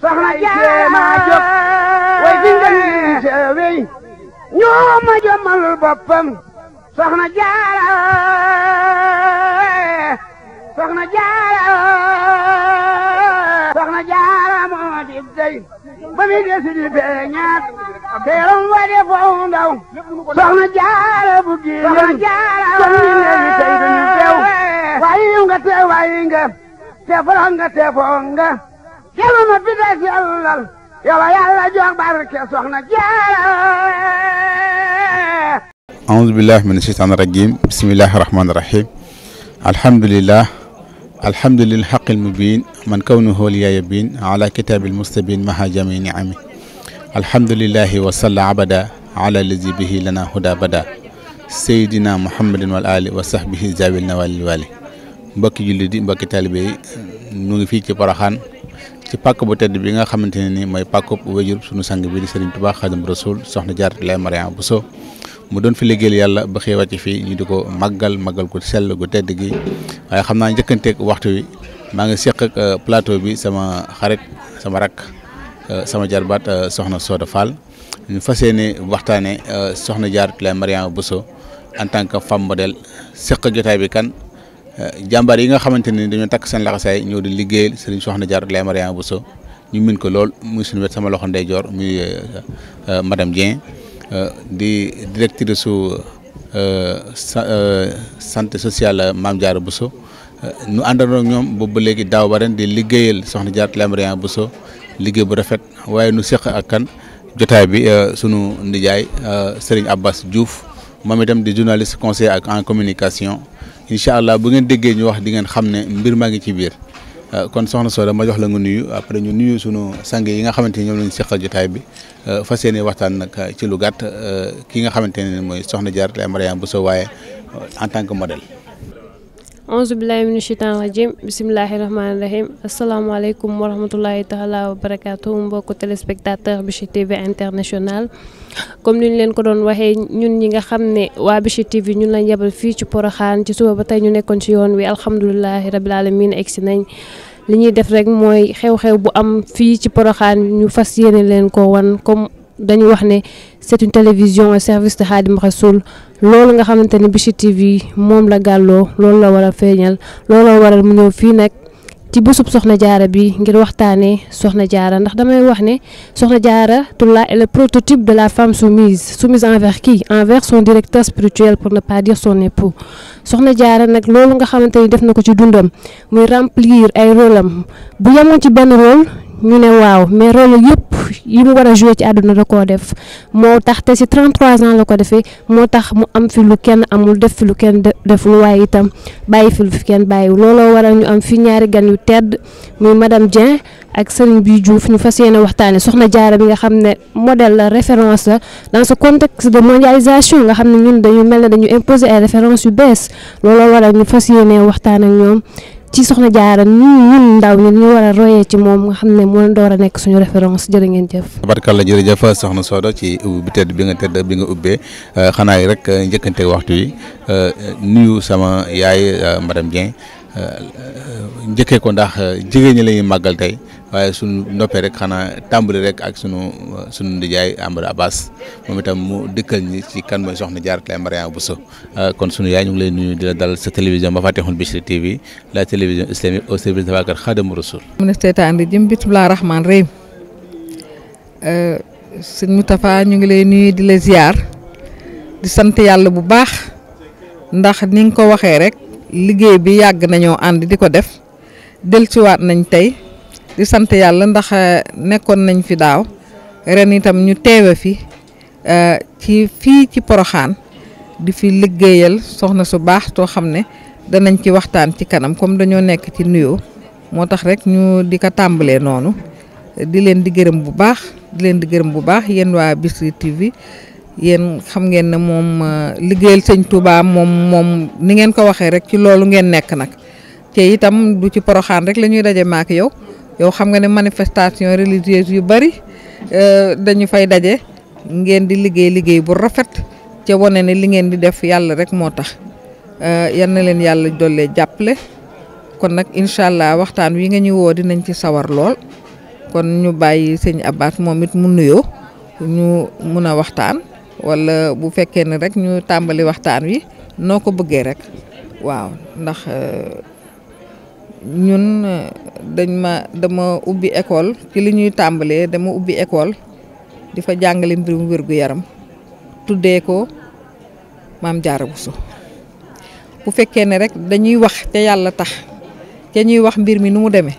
soxna Jaara jóg way fi ngeen sewey ñoo moo di ba mi des di feeñaat teeram wa de foofu ndaw soxna Jaara bu gi soxna te foro te foo nga yàlla na fi des yàllal yàlla yàlla jox barke soxna jaara aouzu billahi min asheytaan rajim bismillahi rahmaani rahim alhamdulillah alhamdulil xaqil mubin man kawnuhu liyaaya bin ala kitaabil mustabin maha jami niami alhamdulilahi wa salla abada ala lazi bihi lana huda bada seydina muhammadin wal ali wa sahbihi zawil na walil wali mbokki julli di mbokki taalibe yi ñu ngi fii ci Poroxaan ci pàkk bu tedd bi nga xamante ne ni mooy pàkkub wéjur sunu sang bi di Serigne Touba Khadim Rasoul soxna Jaaratu Laahi Mariama Bousso mu doon fi liggéeyal yàlla ba xëy wàcc fii ñu di ko màggal màggal gu sell gu tedd gi waaye xam naa njëkkanteeg waxtu wi maa ngi seq ak euh, plateau bi sama xarit sama rakk euh, sama jarbaat euh, soxna Soda Fall ñu fas yéene waxtaanee soxna Jaaratu Laahi Mariama Bousso en tant que femme modèle seq jotaay bi kan. jàmbaar yi nga xamante ni dañoo takk seen laxasaay ñëw di liggéeyal Serigne Soxna Diar Ndeye bu so ñu min ko lool muy suñu wet sama loxo ndeyjoor muy euh, euh, madame Dieng euh, di directrice su santé sociale Mame Diarra Bousso nu àndandoo ñoom boobu ba léegi daaw ba ren di liggéeyal Soxna Diar Ndeye Mariama Bousso liggéey bu rafet waaye nu seq ak kan jotaay bi sunu ndijaay Serigne Abbas Diouf moom itam di journaliste conseiller ak en communication. incha allah bu ngeen déggee ñu wax di ngeen xam ne mbir maa ngi ci biir euh, kon soxna Soda ma jox la nga nuyu après ñu nuyu suñu sang yi nga xamante ni ñoom lañu seqal jotaay bi euh, fa yéene waxtaan nag euh, ci lu gàtt ki nga xamante ne mooy soxna Diarra Mariama Bousso waaye en tant que modèle. auzu billahi mina sheytaan rajim bisimilahi rahmaani rahim asalaamaaleykum wa rahmatulahi taala wa barakaatu mbokku téléspectateur Bichri TV international comme ni ñu leen ko doon waxee ñun ñi nga xam ne waa Bichri TV ñun lañ yebal fii ci Poroxaan ci suba ba tey ñu nekkoon ci yoon wi alhamdulilahi rabil alamin si nañ li ñuy def rek mooy xew-xew bu am fii ci Poroxaan ñu fas yéene leen ko wan comme dañu wax ne c'est une télévision au service de Khadim Rasoul loolu nga xamante ne Bichri TV moom la gàlloo loolu la war a feeñal loolu la waral mu ñëw fii nag ci bésub soxna jaara bi ngir waxtaanee soxna jaara ndax damay wax ne soxna jaara Tullaa est le prototype de la femme soumise soumise envers qui envers son directeur spirituel pour ne pas dire son époux soxna jaara nag loolu nga xamante ni def na ko ci dundam muy remplir ay rôle am bu yemoon ci benn rôle ñu ne waaw mais rôle yëpp yi mu war a joué ci àdduna da koo def moo tax te si 33 ans la ko defee moo tax mu am fi lu kenn amul def fi lu kenn deful waaye itam bàyyi fi lu fi kenn bàyyiwul looloo waral ñu am fi ñaari gan yu tedd muy madame Dieng ak Serigne Bi Diouf ñu fas yéene waxtaanee soxna jaara bi nga xam ne modèle la référence la dans ce contexte de mondialisation nga xam ne ñun dañu mel ne dañu imposer ay références yu bees looloo waral ñu fas yéene waxtaan ak ñoom. ci soxna jaara ñun ñun ndaw ñun ñu war royee ci moom nga xam ne moo door a nekk suñu référence jërë ngeen jëf tabarkalla jërëjëf soxna Soda ci ubbi bi tedd bi nga tedd bi nga ubbee euh, xanaa yi rek euh, njëkkante waxtu yi euh, nuyu sama yaay madame Dieng njëkkee ko ndax jigéen ñi lañuy màggal tey waaye suñu noppee rek xanaa tàmbali rek ak sunu sunu nijaay Amadou Abbas moom itam mu dëkkal ñi ci kan mooy soxna Jaaratullahi bu so euh, kon sunu yaay ñu ngi lay nuyu di la dalal sa télévision Mafatihul Bichri TV la télévision islamique au service de waakar mu Rasuul mun a di jëm bismillaahi rahmaani rahiim euh, sëñ ñu ngi lay nuyu di la ziar di sant yàlla bu baax ndax ni nga ko waxee rek liggéey bi yàgg nañoo ànd di ko def dellusiwaat nañ tey di sant yàlla ndax eh, nekkoon nañ fi daaw ren itam ñu teewe fi eh, ci fii ci poroxaan di fi liggéeyal soxna su baax too xam ne danañ ci waxtaan ci kanam comme dañoo nekk ci nuyoo moo tax rek ñu di ko tàmbalee noonu di leen di gërëm bu baax di leen di gërëm bu baax yéen waa Bichri TV yéen xam ngeen ne moom eh, liggéeyal sëñ Touba moom moom ni ngeen ko waxee rek ci loolu ngeen nekk nag te itam du ci poroxaan rek lañuy ñuy daje maak yow. yow xam nga ne manifestation religieuse yu bari euh, dañu fay daje ngeen di liggéey liggéey bu rafet ca wane ne li ngeen di def yàlla rek moo tax euh, yal na leen yàlla dollee jàppale kon nag incha allah waxtaan wi nga ñuy woo dinañ ci sawar lool kon ñu bàyyi sëñ Abbas moom it mu nuyoo ñu mun a waxtaan wala bu fekkee ne rek ñu tàmbali waxtaan wi noo ko bëggee rek waaw ndax. Euh, ñun eh, dañ ma dama ubbi école ci li ñuy tàmbalee dama ubbi école di fa jàngale mbirum wér gu yaram tuddee ko maam Jaara Buso bu fekkee ne rek dañuy wax te yàlla tax te ñuy wax mbir mi nu mu demee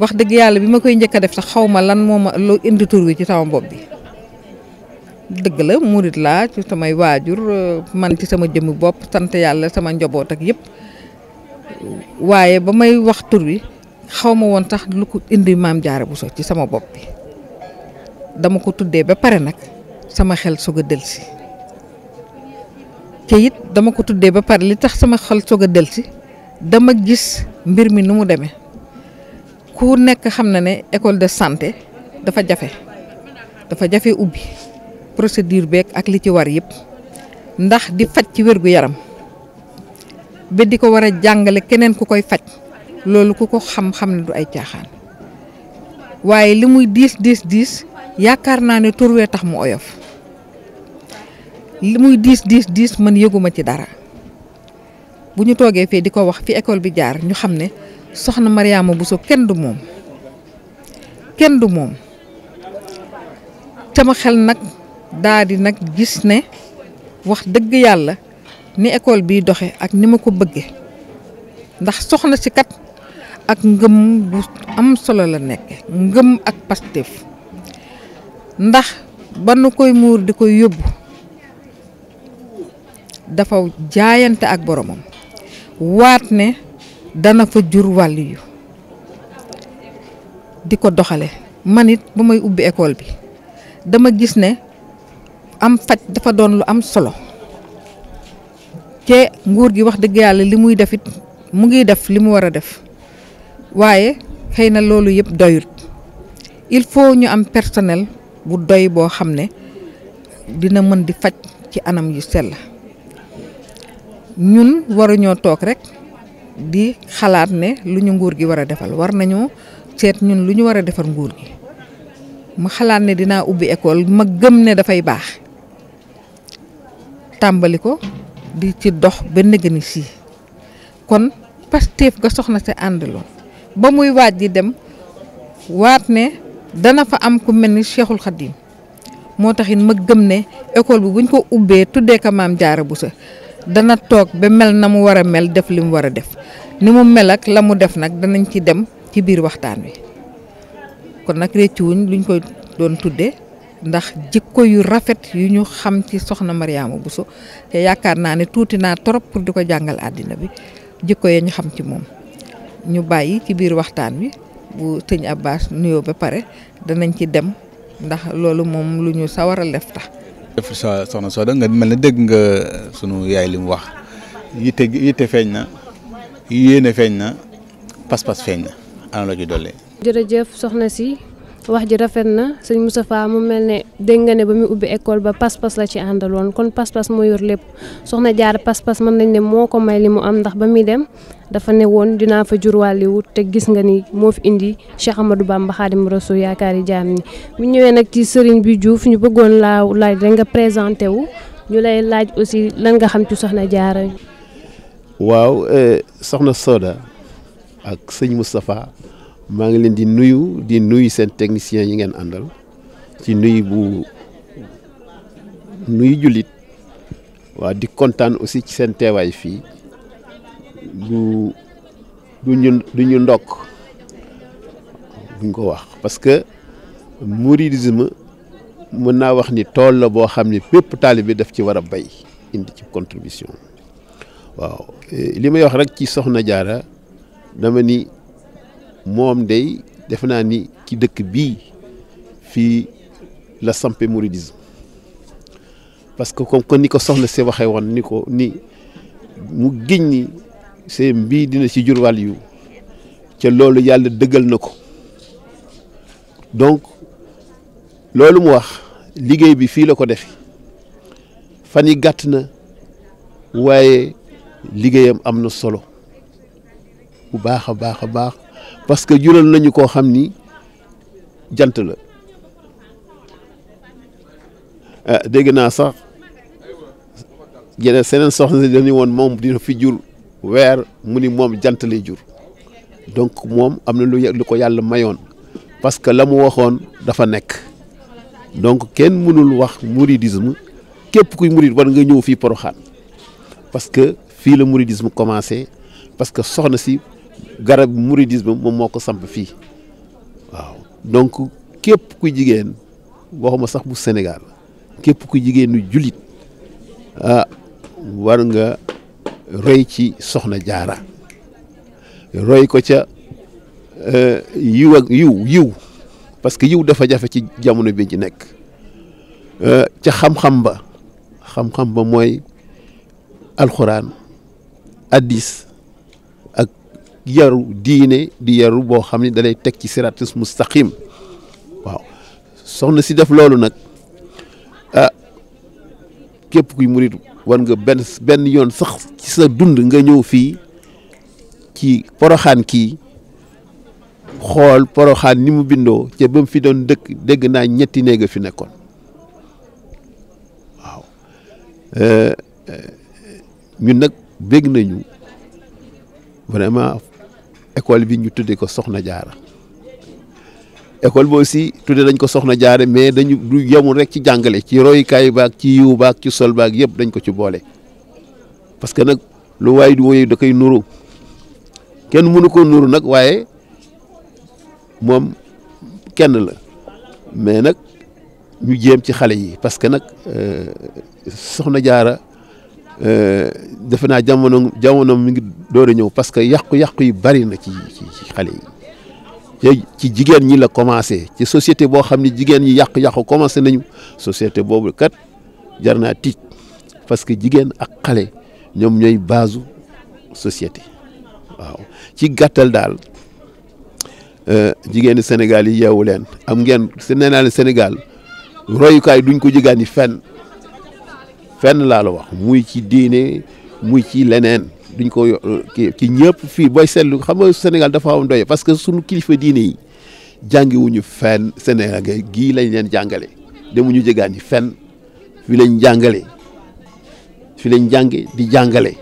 wax dëgg yàlla bi ma koy njëkk a def sax xaw ma lan moo ma loo indi tur wi ci sama mbopp bi dëgg la murit laa ci samay waajur eh, man ci sama jëmmi bopp sant yàlla sama njaboot ak yépp waaye ba may wax tur wi xaw ma woon tax lu ko indi maam jaare bu so ci sama bopp bi dama ko tuddee ba pare nag sama xel soog a delsi te it dama ko tuddee ba pare li tax sama xel soog a delsi dama gis mbir mi nu mu demee ku nekk xam na ne école de santé dafa jafe dafa jafe ubbi procédure beeg ak li ci war yépp ndax di faj ci wér gu yaram. ba di ko war a jàngale keneen ku koy faj loolu ku ko xam-xam ne du ay caaxaan waaye li muy diis diis diis yaakaar naa ne turwee tax mu oyof li muy diis diis diis mën yëguma ci dara bu ñu toogee fii di ko wax fi école bi jaar ñu xam ne soxna Mariama Bousso kenn du moom kenn du moom sama xel nag daadi nag gis ne wax dëgg yàlla ni ecole bi doxe ak ni ma ko bëgge ndax soxna si kat ak ngëm bu am solo la nekk ngëm ak Pastef ndax ba nu koy muur di koy yóbbu dafa jaayante ak boromam waat ne dana fa jur wàllu di ko doxale manit it ba may ubbi école bi dama gis ne am faj dafa doon lu am solo te nguur gi wax dëgg yàlla li muy def it mu ngi def li mu war a def waaye xëy na loolu yëpp doyut il faut ñu am personnel bu doy boo xam ne dina mën di faj ci anam yu sell ñun waruñoo toog rek di xalaat ne lu ñu nguur gi war a defal war nañoo seet ñun lu ñu war a defar nguur gi mu xalaat ne dinaa ubbi école ma gëm ne dafay baax tàmbali ko di ci dox ba nëgëni si kon Pastef nga soxna si àndaloon ba muy waaj di dem waat ne dana fa am ku mel ni Cheikhul Khadim moo tax it ma gëm ne école bi buñ ko ubbee tuddee ko maam jaara bu sa dana toog ba mel na mu war a mel def li mu war a def ni mu mel ak la mu def nag danañ ci dem ci biir waxtaan wi kon nag réccuwuñ luñ ko doon tuddee ndax jikko yu rafet yu ñu xam ci soxna Mariama Bousso te yaakaar naa ne tuuti naa trop pour di ko jàngal àddina bi jikko ya ñu xam ci moom ñu bàyyi ci biir waxtaan bi bu sëñ Abbas nuyoo ba pare danañ ci dem ndax loolu moom lu ñu sawaral def tax. def soxna Soda nga mel ne dégg nga sunu yaay li mu wax yitte yitte feeñ na yéene feeñ na pas-pas feeñ na ana la ju dolli. jërëjëf soxna si. wax ji rafet na sëñ Moustapha mu mel ne dégg nga ne ba muy ubbi école ba pas-pas la ci àndaloon kon pas-pas moo yor lépp soxna jaar pas-pas mën nañ ne moo ko may li mu am ndax ba muy dem dafa ne woon dinaa fa jurwàlliwu te gis nga ni moo fi indi Cheikh Amadou Bamba Khadim yaakaar yi jaam ni bu ñëwee nag ci Serigne bi Diouf ñu bëggoon laaw laaj rek nga présenté wu ñu lay laaj aussi lan nga xam ci soxna jaara waaw eh, soxna Soda ak sëñ Moustapha maa ngi leen di nuyu di nuyu seen technicien yi ngeen àndal ci nuyu bu nuyu jullit waa di kontaan aussi ci seen teewaay fii du du ñu du ñu ndokk buñ ko wax parce que mouridisme mën naa wax ni tool la boo xam ni bépp taalibe daf ci war a bay indi ci contribution waaw li may wax rek ci soxna jaara dama ni moom day defe naa ni ci dëkk bii fii la sampe mouridisme parce que comme ni ko soxla si waxee woon ni ko ni mu giñ ni seen bii dina ci jur wàll yu ca loolu yàlla dëggal na ko donc loolu mu wax liggéey bi fii la ko defi fan yi gàtt na waaye liggéeyam am na solo bu baax a baax a baax parce que jural nañu koo xam ni jant la ah, dégg naa sax yeneen seneen soxna si dañu woon moom dina fi jur weer mu ni moom jant lay jur donc moom am na lu lu ko yàlla mayoon parce que la mu waxoon dafa nekk donc kenn mënul wax mouridisme képp kuy murid war nga ñëw fii Porokhane parce que fii la mouridisme commencé parce que soxna si garab mouridisme moom moo ko samp fii waaw donc képp ku jigéen waxuma sax bu Sénégal képp ku jigéenu jullit ah war nga roy ci soxna jaara roy ko ca eh, yiw ak yiw yiw parce que yiw dafa jafe ci jamono bi ci nekk eh, ca xam-xam ba xam-xam ba mooy alxuraan addis yaru diine di yaru boo xam ne dalay teg ci siratus mustaqim waaw soxna si def loolu nag ah, képp kuy murit war nga benn benn yoon sax ci sa dund nga ñëw fii ci poroxaan kii xool poroxaan ni mu bindoo ca ba mu fi doon dëkk dégg naa ñetti néega fi nekkoon waaw eh, eh, ñun nag bégg nañu vraiment école bi ñu tuddee ko Soxna Jaara école bi aussi tuddee dañ ko Soxna Jaara mais dañu du yemul rek ci jàngale ci royukaay baag ci yiw baag ci sol baag yëpp dañ ko ci boole parce que nag lu waay du woyu da koy nuru kenn mënu koo nuru nag waaye moom kenn la mais nag ñu jéem ci xale yi parce nag euh, Soxna Jaara Euh, defe naa jamono jamono mi ngi door a ñëw parce que yàqu-yàqu yi bari na ci ci xale yi ci jigéen ñi la commencé ci société boo xam ne jigéen ñi yàqu-yàqu commencé nañu société boobu kat jar naa tiit parce que jigéen ak xale ñoom ñooy baasu société waaw ci gàttal daal euh, jigéeni Sénégal yi yeewu leen am ngeen nee naa leen Sénégal royukaay duñ ko jigaan yi fenn. fenn laa wax muy ci diine muy ci leneen duñ ko kii ñëpp fii booy seetlu xam nga Sénégal dafa am doye parce que sunu kilifa diine yi jàngiwuñu fenn Sénégal gii lañ leen jàngale demuñu jëgaan yi fenn lañ jàngale fi lañ jànge di jàngale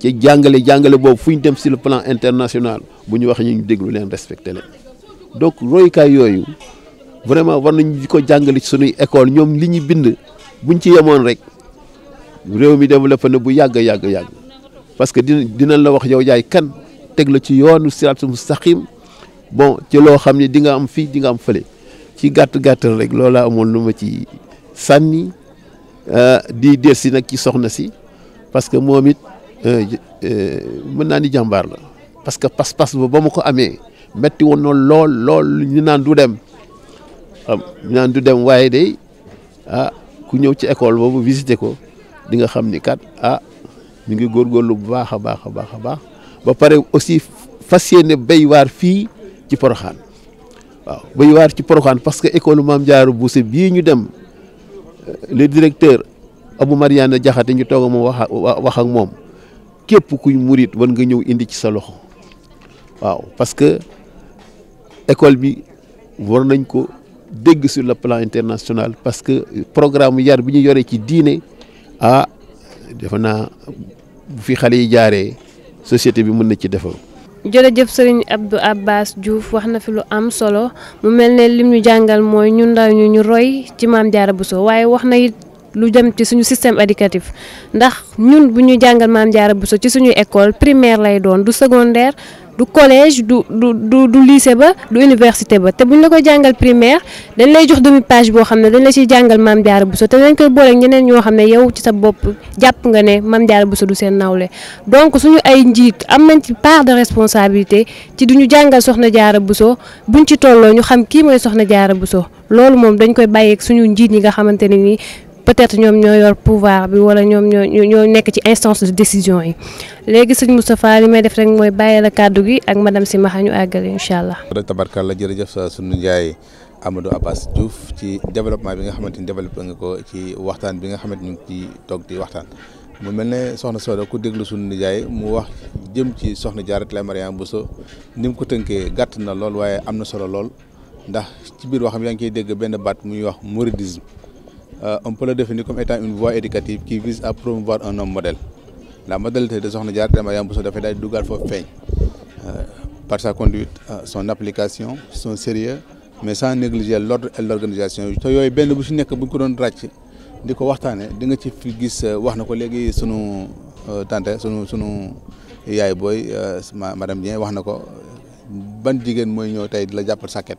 ci jàngale jàngale boobu fu ñu dem si le plan international bu ñu wax ñu ñu déglu leen respecté leen donc royukaay yooyu vraiment war nañu di ko jàngale ci sunuy école ñoom li ñu bind buñ ci yemoon rek. réew mi développé na bu yàgg yàgg yàgg parce que dina dinañ la wax yow jaay kan teg la ci yoonu siraatul mustaqim bon ci loo xam ne di nga am fii di nga am fële ci gàtt gàttal rek loolaa amoon lu ma ci sànni euh, di des si nag ci soxna si parce que moom it euh, euh, mën naa ni jàmbaar la parce que pas-pas ba ba ma ko amee metti woon na lool lool ñu naan du dem xam ñu naan du dem waaye day ah ku ñëw ci école boobu visité ko di nga xam ni kat ah mu ngi góorgóorlu bu baax a baax a baax a baax ba pare aussi fas yéene bay waar fii ci Porokhane waaw bay waar ci Porokhane parce que école Mame Diarra Bousso bii ñu dem euh, le directeur Abou Mariana Diakhaté ñu toog moom wax wax ak moom képp kuy murit war nga ñëw indi ci sa loxo waaw parce que école bi war nañ ko dégg sur la plan international parce que programme yar bi ñu yoree ci diine. ah defe bu fi xale yi jaaree société bi mun na ci defar. jërëjëf sëriñ Abdou Abbas Diouf wax na fi lu am solo mu mel ne lim ñu jàngal mooy ñun ndaw ñu ñu roy ci maam bu Bousso waaye wax na it lu jëm ci suñu système éducatif ndax ñun bu ñu jàngal maam bu Bousso ci suñu école primaire lay doon du secondaire. du collège du du du du lycée ba du université ba te buñ la koy jàngal primaire dañ lay jox demi page boo xam ne dañ la ciy jàngal jaar Diarra Bousso te dañ koy booleeg ñeneen ñoo xam ne yow ci sa bopp jàpp nga ne jaar Diarra Bousso du seen nawle donc suñu ay njiit am nañ ci part de responsabilité ci ñu jàngal Soxna jaar Diarra Bousso buñ ci tolloo ñu xam kii mooy Soxna Diarra Bousso loolu moom dañ koy bàyyeeg suñu njiit yi nga xamante ne nii peut-être ñoom ñoo yor pouvoir bi wala ñoom ñoo ñoo nekk ci instance de décision yi léegi sëñ Moustapha li may def rek mooy bàyyi la kàddu gi ak madame Simaxa ñu àggale incha allah. la tabarkàlla jërëjëf sa sunu njaay Amadou Abbas Diouf ci développement bi nga xamante ni développé nga ko ci waxtaan bi nga xamante ñu ngi toog di waxtaan. mu mel ne soxna Soda ku déglu sunu nijaay mu wax jëm ci soxna jaar Diarra Leye Mariama Bousso ni mu ko tënkee gàtt na lool waaye am na solo lool ndax ci biir waxam yaa ngi koy dégg benn baat muy wax mouridisme Euh, on peut le définir comme étant une voie éducative qui vise à promouvoir un homme modèle la modalité de Soxna Jaara Mariama Bousso dafay daal di dugal foofu feeñ euh, par sa conduite euh, son application son sérieux mais sans négliger l'ordre et l'organisation te yooyu benn bu si nekk bu ñu ko doon ràcc di ko waxtaanee di nga ci fi gis wax na ko léegi sunu tante sunu sunu yaay booy madame Dieng wax na ko ban jigéen mooy ñëw tey di la jàppal sàkket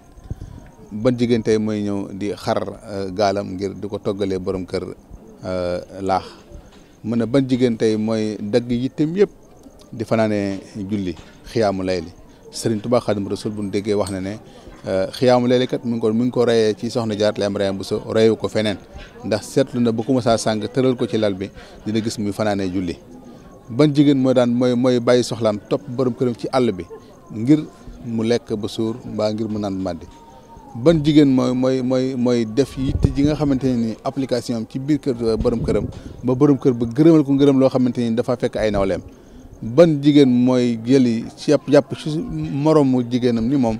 ban jigéen tey mooy ñëw di xar euh, gaalam ngir di ko toggalee borom kër euh, laax mu ne ban jigéen tey mooy dagg yittem yëpp di fanaanee julli xiyaamu layli Sëriñ Tuubaa Xaadimu Rasuul bu déggee wax na ne euh, xiyaamu layli kat mu ngi ko mi ngi ko reyee ci soxna Jaara Lay bu Buso reyu ko feneen ndax seetlu na bu ko mësaa sàng tëral ko ci lal bi dina gis muy fanaanee julli ban jigéen mooy daan mooy mooy bàyyi soxlaam topp borom këram ci àll bi ngir mu lekk ba suur mbaa ngir mu naan màddi ban jigéen mooy mooy mooy mooy def yitte ji nga xamante ne ni application ci biir kër euh, borom këram ba borom kër ba gërëmal ko ngërëm loo xamante ni dafa fekk ay nawleem ban jigéen mooy jëli ci yàpp yàpp ci moromu jigéenam ni moom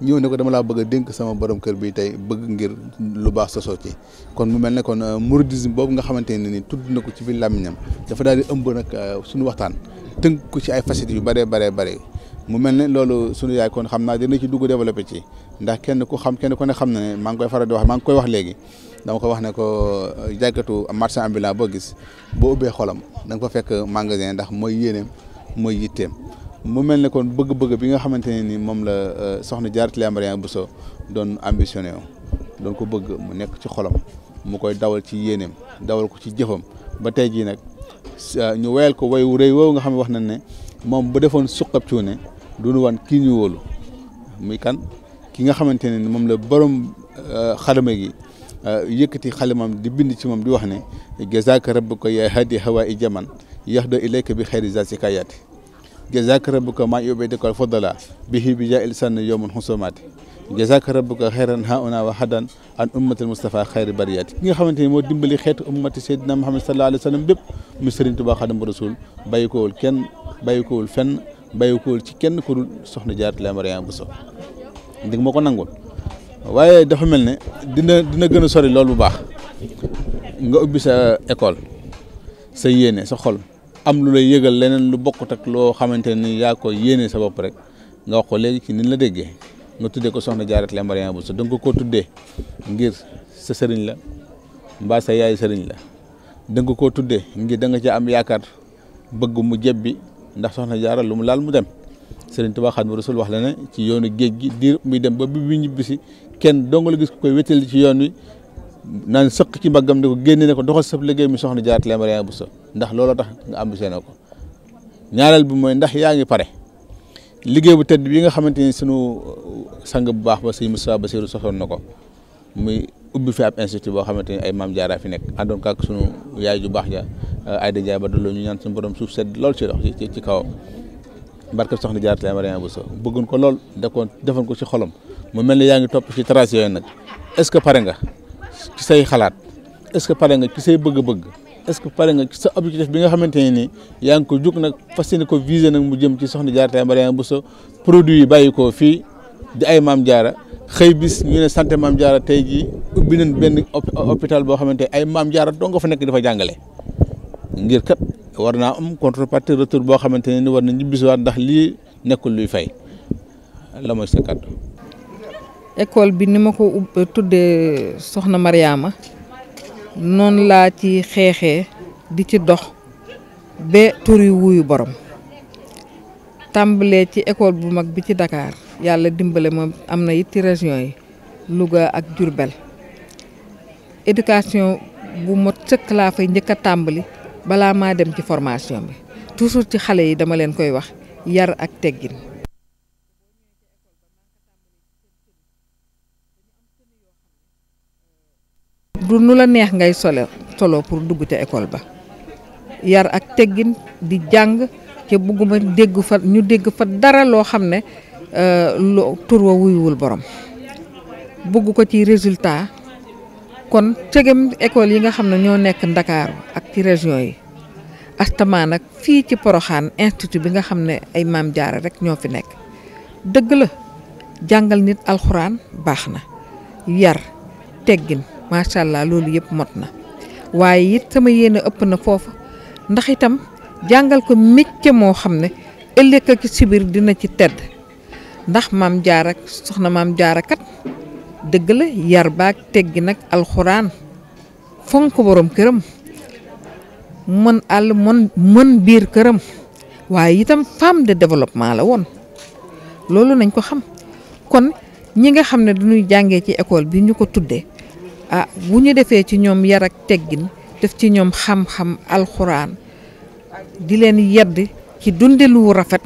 ñëw ne ko dama laa bëgg a dénk sama borom kër bi tey bëgg ngir lu baax sosoo ci kon mu mel ne kon euh, mouridisme boobu nga xamante ne ni tudd na ko ci biir làmmiñam dafa daal di ëmb nag euh, suñu waxtaan tënk ko ci ay facettes yu bëree bëree bëri mu mel ne loolu sunu yaay kon xam naa dina ci dugg développé ci ndax kenn ku xam kenn ko ne xam na ne maa koy faral di wax maa ngi koy wax léegi dama ko wax ne ko euh, jàkkatu marchand ambulant boo gis boo ubbee xolam da nga fa fekk magasin ndax mooy yéeneem mooy yitteem mu mel ne kon bëgg-bëgg bi nga xamante ne ni moom la euh, soxna Diarra Tyella bu Bousso doon ambitionné doon ko bëgg mu nekk ci xolom mu koy dawal ci yéeneem dawal ko ci jëfam ba tey jii nag ñu wéyal ko way wu rëy nga xam ne wax nañ ne moom bu defoon suqab cuune du wan kii ñu wóolu kan ki nga xamante ne moom la borom euh, xalama gi euh, yëkkati xalimam di bind ci moom di wax ne jazaka rabbuka ya hadi hawa i jaman yaxdo ilayka bi xayri zati kayaati jazaka rabbuka maa yubidika fadala bihi bi jaa il sann yowman xusumaati jazaka rabbuka xayran hauna wa hadan an ummatil mustafa xayri bariyaati ki nga xamante ne moo dimbali xeetu ummati seydina muhammad sallallahu alayhi wa sallam bépp mu sëriñ tubaa xaadimu rasul bàyyi kowul kenn bàyyi kowul fenn bàyyikool ci kenn ku dul soxna jaaratullahi Mariama Bousso dégg moo ko nangul waaye dafa mel ne dina dina gën a sori loolu bu baax nga ubbi sa école sa yéene sa xol am lu lay yëgal leneen lu bokkut ak loo xamante ni yaa ko yéene sa bopp rek nga ko léegi ci ni la déggee nga tuddee ko soxna jaaratullahi Mariama Bousso donc koo tuddee ngir sa sëriñ la mbaa sa yaay sëriñ la danga koo tuddee ngir da nga ci am yaakaar bëgg mu jebbi ndax soxna jaara lu mu laal mu dem Sëriñ Tuubaa Xaadimu Rasuul wax la ne ci yoonu géej gi diir muy dem ba bi bi ñibbisi kenn dong la gis ku koy wétali ci yoon wi naan sëq ci mbaggam ne ko génne ne ko doxal sëf liggéey mi soxna jaara Tiley Mariama Bousso ndax looloo tax nga ambisé na ko ñaareel bi mooy ndax yaa ngi pare liggéey bu tedd bi nga xamante ni sunu sang bu baax ba sëñ Moustapha Bassirou soxoon na ko ubbi fi ab institut boo xamante ni ay maam jaara fi nekk àndoon kàk sunu yaay ju baax ja euh, Ayda Jaay ba delloo ñu ñaan suñu borom suuf sedd lool ci dox ci ci kawam barke soxna jaarate la Mariama Bousso bëggoon ko lool defoon defoon ko ci xolam mu mel ni yaa ngi topp ci trace yooyu nag est-ce que pare nga say xalaat est-ce que pare nga ci say bëgg-bëgg est-ce que pare nga ci sa bi nga xamante ne nii yaa ngi ko jug nag fas yéene ko visé nag mu jëm ci soxna jaarate la Mariama Bousso produit yi bàyyi ko fii di ay maam jaara xëy bis ñu ne santé maam jaara tey jii ubbi nañ benn hôpital boo xamante ay maam jaara doo nga fa nekk dafa jàngale ngir kat war naa am contrepartie retour boo xamante ne ni war na ñibbisiwaat ndax lii nekkul luy fay la mooy sa kàddu école bi ni ma ko tuddee soxna Mariama noon laa ci xeexee di ci dox ba tur yu wuyu borom tàmbalee ci école bu mag bi ci Dakar yàlla dimbale ma am na it ci région yi Louga ak jurbel éducation bu mot sëkk laa fay njëkk a tàmbali balaa maa dem ci formation bi toujours ci xale yi dama leen koy wax yar ak teggin. du nu neex ngay solo solo pour dugg ca école ba yar ak teggin di jàng te bugguma dégg fa ñu dégg fa dara loo xam ne. Euh, lo tur wa wuyuwul borom bugg ko ci résultat kon cegem école yi nga xam ne ñoo nekk ndakaaru ak ci région yi astamaan nag fii ci poroxaan institut bi nga xam ne ay maam jaara rek ñoo fi nekk dëgg la jàngal nit alxuraan baax na yar teggin macha allah loolu yëpp mot na waaye it sama yéene ëpp na foofu ndax itam jàngal ko métier moo xam ne ëllëg ak ci biir dina ci tedd ndax maam jaara soxna maam jaara kat dëgg la yar baag teggi nag alxuraan fonk borom këram mën àll mën mën biir këram waaye itam femme de développement la woon loolu nañ ko xam kon ñi nga xam ne dañuy jàngee ci école bi ñu ko tuddee ah bu ñu defee ci ñoom yar ak teggin def ci ñoom xam-xam alxuraan di leen yedd ci dunde lu rafet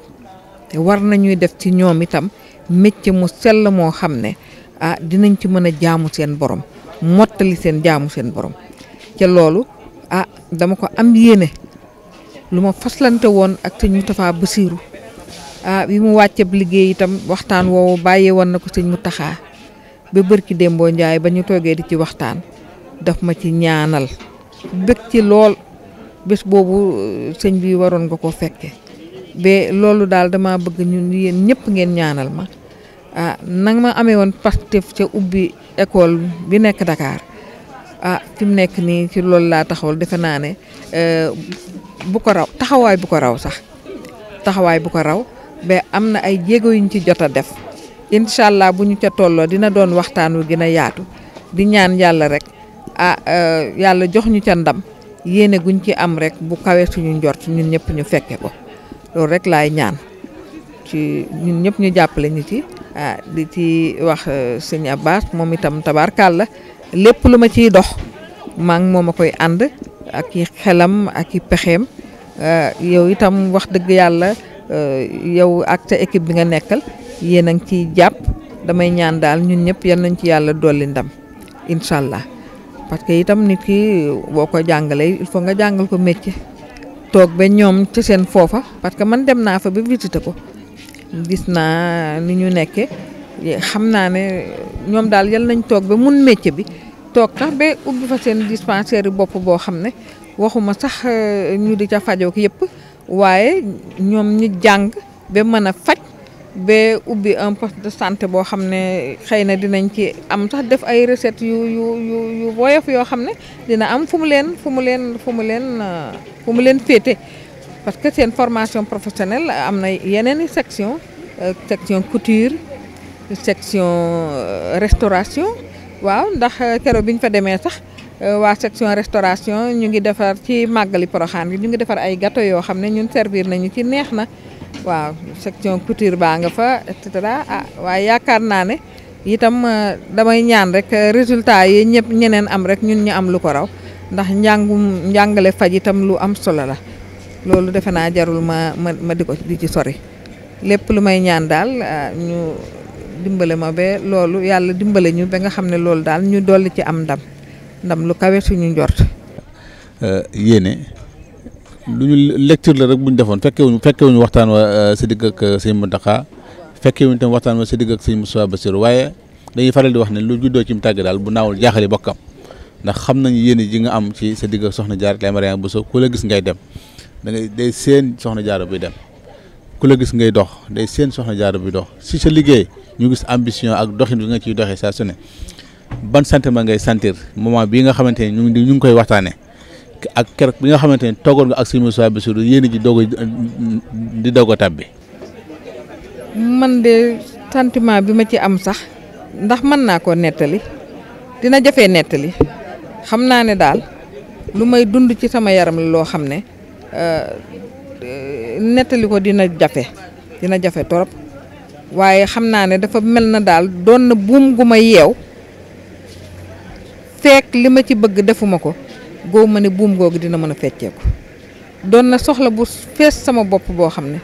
te war nañuy def ci ñoom itam métier mu sell moo xam ne ah dinañ ci mën a jaamu seen borom mottali seen jaamu seen borom ca loolu ah dama ko am yéene lu ma faslante woon ak sëñ Moustapha Bassirou ah bi mu wàcceb liggéey itam waxtaan woowu bàyyee woon na ko sëñ mu taxaa ba bërki Dembo njaay ba ñu toogee di ci waxtaan daf ma ci ñaanal bëgg ci lool bés boobu sëñ bi waroon nga ko fekke ba loolu daal dama bëgg ñun yéen ñëpp ngeen ñaanal ma ah, nanga ma amee woon pastef ca ubbi école bi nekk dakaar ah fi mu nekk nii ci loolu laa taxawal defe naa ne eh, bu ko raw taxawaay bu ko raw sax taxawaay bu ko raw ba am na ay jéego yuñ ci jot a def incha allah bu ñu ca tolloo dina doon waxtaan wu gën a yaatu di ñaan yàlla rek ah eh, yàlla jox ñu ca ndam yéene guñ ci am rek bu kawe suñu njort ñun ñëpp ñu fekke ko. loolu rek laay ñaan ci ñun ñëpp ñu jàppale ñu ci ah di ci wax euh, sëñ Abbas moom itam tabaarkaal la lépp lu ma ciy dox maa moom a koy ànd ak i xelam ak i pexeem ah, yow itam wax dëgg yàlla euh, yow ak sa équipe bi nga nekkal yéen a ngi ciy jàpp damay ñaan daal ñun ñëpp yan nañ ci yàlla dolli ndam incha allah parce que itam nit ki boo ko jàngalee il faut nga jàngal ko métier. toog ba ñoom ci seen foofa parce que man dem naa fa ba visité ko gis naa ni ñu nekkee xam naa ne ñoom daal yal nañ toog ba mun métier bi toog sax ba ubbi fa seen dispensaire bopp boo xam ne waxuma sax euh, ñu di ca fajoo yëpp waaye ñoom ñu jàng ba mën a faj. ba ubbi un de santé boo xam ne xëy na dinañ ci am sax def ay recettes yu yu yu yu woyof yoo xam ne dina am fu mu leen fu mu leen fu mu leen euh, fu mu leen féete parce que seen formation professionnelle am na yeneen section euh, section couture section euh, restauration waaw ndax keroog bi ñu fa demee sax waa section restauration ñu ngi defar ci màggali poroxaan yi ñu ngi defar ay gâteau yoo xam ne ñun servir nañu ci neex na waaw section couture baa nga fa et cetera ah waaye yaakaar naa ne itam euh, damay ñaan rek euh, résultat yi ñëpp ñeneen am rek ñun ñu am lu ko raw ndax njàngum njàngale faj itam lu am solo la loolu defe naa jarul ma ma di ko di ci sori lépp lu may ñaan daal euh, ñu dimbale ma ba loolu yàlla dimbale ñu ba nga xam ne loolu daal ñu dolli ci am ndam ndam lu kawe ñu njort yéene lu ñu lecture la rek bu ñu defoon fekkewuñu fekkewuñu waxtaan wa euh, sa digg ak euh, sëñ Mountakha fekkewuñu tam waxtaan wa sa digg ak sëñ Moussa Bassirou waaye dañuy faral di wax ne lu juddoo ci mu tàgg daal bu naawul jaaxali bokkam ndax xam nañu yéen ji nga am ci sa digg ak soxna Diarra Leye Mariama Bousso ku la gis ngay dem da ngay day soxna Diarra buy dem ku la gis ngay dox day seen soxna Diarra buy dox si sa liggéey ñu gis ambition ak doxin bi nga ciy doxee saa su ne ban sentiment ngay sentir moment bii nga xamante ne ñu ngi koy waxtaanee ak keroog bi nga xamante ne toogoon nga ak sëñ Moussa Bassirou yéen ji doog di doog a man de sentiment bi ma ci am sax ndax mën naa koo nettali dina jafe nettali xam naa ne daal lu may dund ci sama yaram la loo xam ne euh, euh, nettali ko dina jafe dina jafe torop waaye xam naa ne dafa mel na daal doon na buum gu ma yeew fekk li ma ci bëgg defuma ko góob ma ne buum googu dina mën a fecceeku doon na soxla bu fees sama bopp boo xam ne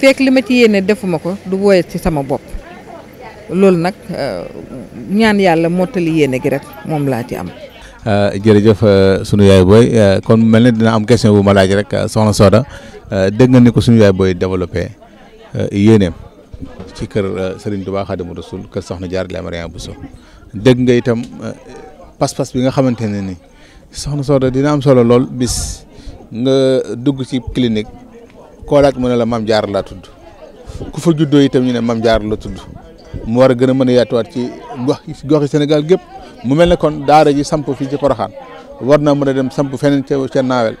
fekk li ma ci yéene defuma ko du woye ci sama bopp loolu nag euh, ñaan yàlla mottali yéene gi rek moom laa ci am. Euh, jërëjëf euh, sunu yaay booy kon mel ne dina am question bu ma laaj rek soxna Soda dégg nga ni ko sunu yaay booy développé yéeneem ci kër Serigne Touba Khadimou Rassoul kër Soxna jaar Diarra bu Bousso dëgg nga itam pas-pas bi nga xamante ne nii soxna Soda dina am solo lool bis nga dugg ci clinique koo laaj mu ne la maam jaar laa tudd ku fa juddoo yitam ñu ne mam jaar la tudd mu war a gën a mën a yaatuwaat ci gox goxi senegal gépp mu mel ne kon daara ji samp fii ci poroxaan war naa mën a dem samp feneen ca ca Naawel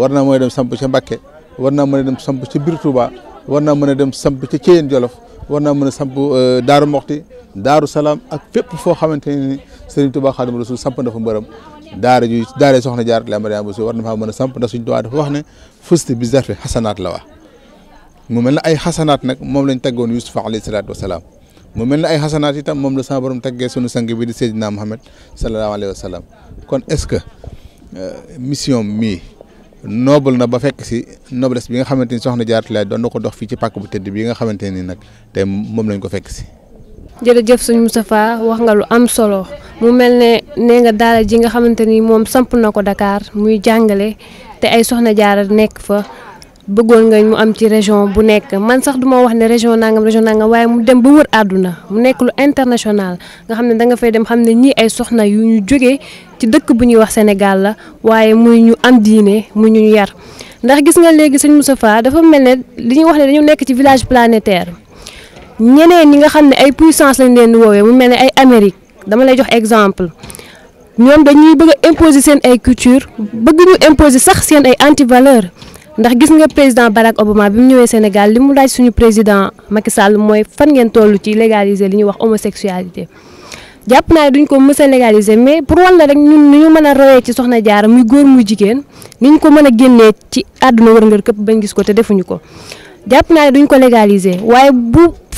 war naa mën a dem samp ca Mbacké war naa mën a dem samp ci biir Touba war naa mën a dem samp ci Thièyène Jolof war naa mën a samp euh, Daaru Moxti Daaru Salaam ak fépp foo xamante ne ni Serigne Touba Xaadimu Rasuul samp na fa mbërëm daara ju daara soxna jaar la Mariama Bousso war na faa mën a samp ndax suñ Tuubaa dafa wax ne fusti bi zarfi xasanaat la wax mu mel ne ay xasanaat nag moom lañ taggoon Yuusuf alayhi salaatu wasalaam mu mel ne ay xasanaat itam moom la sama borom taggee sunu sang bi di Seydina Muhammad sallallahu alayhi wa sallam kon est euh, mission mii noble na ba fekk si noblesse bi nga xamante ni soxna jaar la doon na ko dox fii ci pàkk bu tëdd bi nga xamante ni nag te moom lañ ko fekk si. jërëjëf sëñ Moustapha wax nga lu am solo. mu mel ne nee nga daara ji nga xamante ni moom samp na ko dakaar muy jàngale te ay soxna jaara nekk fa bëggoon nga mu am ci région bu nekk man sax du ma wax ne région nangam région nangam waaye mu dem ba wër àdduna mu nekk lu international nga xam ne da nga fay dem xam ne ñii ay soxna yu ñu jógee ci dëkk bu ñuy wax Sénégal la waaye muy ñu am diine mu ñu yar ndax gis nga léegi sëñ Moustapha dafa mel ne li ñuy wax ne dañu nekk ci village planétaire ñeneen ñi nga xam ne ay puissance lañ leen woowee mu mel ne ay Amérique dama lay jox exemple ñoom dañuy bëgg a imposer seen ay culture bëgg ñu imposer sax seen ay anti valeur ndax gis nga président Barack Obama bi mu ñëwee Sénégal li mu laaj suñu président Macky Sall mooy fan ngeen toll ci légaliser li ñuy wax homosexualité jàpp naa ne duñ ko mës a légaliser mais pour walla rek ñun ni ñu mën a royee ci soxna Jaara muy góor mu jigéen ni ñu ko mën a génnee ci àdduna wërngër këpp bañ gis ko te defuñu ko jàpp naa ne duñ ko légaliser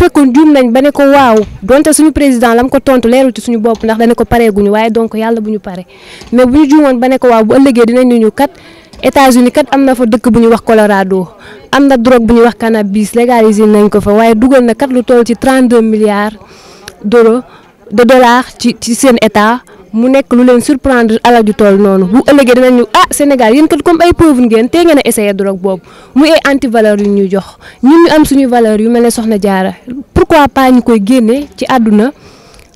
fekkoon juum nañ ba ne ko waaw donte suñu président lam ko tontu leerul ci suñu bopp ndax dana ko pareeguñu waaye donc yàlla bu ñu pare mais bu ñu juumoon ba ne ko waaw bu ëllëgee dinañ ñu kat États-Unis kat am na fa dëkk bu ñuy wax Colorado am na drogue bu ñuy wax cannabis légalisé nañ ko fa waaye dugal na kat lu toll ci 32 milliards de dollars ci seen état. mu nekk lu leen surprendre alal ju toll noonu bu ëllëgee dinañu ah Sénégal yéen kat comme ay pauvre ngeen tey ngeen a essayé drogue boobu muy ay anti valeur yu ñuy jox ñu ñu am suñuy valeur yu mel ne soxna jaara pourquoi pas ñu koy génne ci àdduna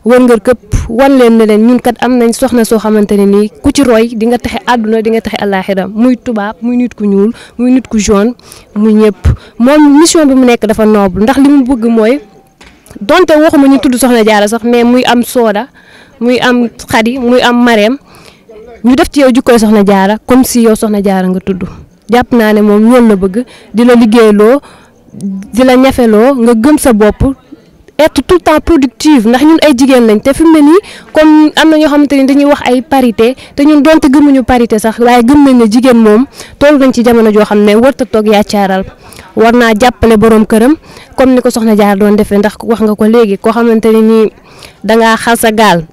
wër ngër këpp wan leen ne leen ñun kat am nañ soxna soo xamante ne nii ku ci roy di nga taxe àdduna di nga taxe àllaaxira muy tubaab muy nit ku ñuul muy nit ku jaune mu ñëpp moom mission bi mu nekk dafa noble ndax li mu bëgg mooy donte waxuma ñu tudd soxna jaara sax mais muy am sooda muy am xadi muy am mareem ñu def ci yow jikkoy soxna jaara comme si yow soxna jaara nga tudd jàpp naa ne moom loolu la bëgg di la liggéeyloo di la ñafeloo nga gëm sa bopp être tout temps productive ndax ñun ay jigéen lañ te fi mu ne nii comme am na ñoo xamante ni dañuy wax ay parité te ñun donte gëmuñu parité sax waaye gëm nañ ne jigéen moom toll nañ ci jamono joo xam ne warta toog yaacaaral war naa jàppale borom këram comme ni ko soxna jaar doon defee ndax wax nga ko léegi koo xamante ne nii dangaa xal sa gaal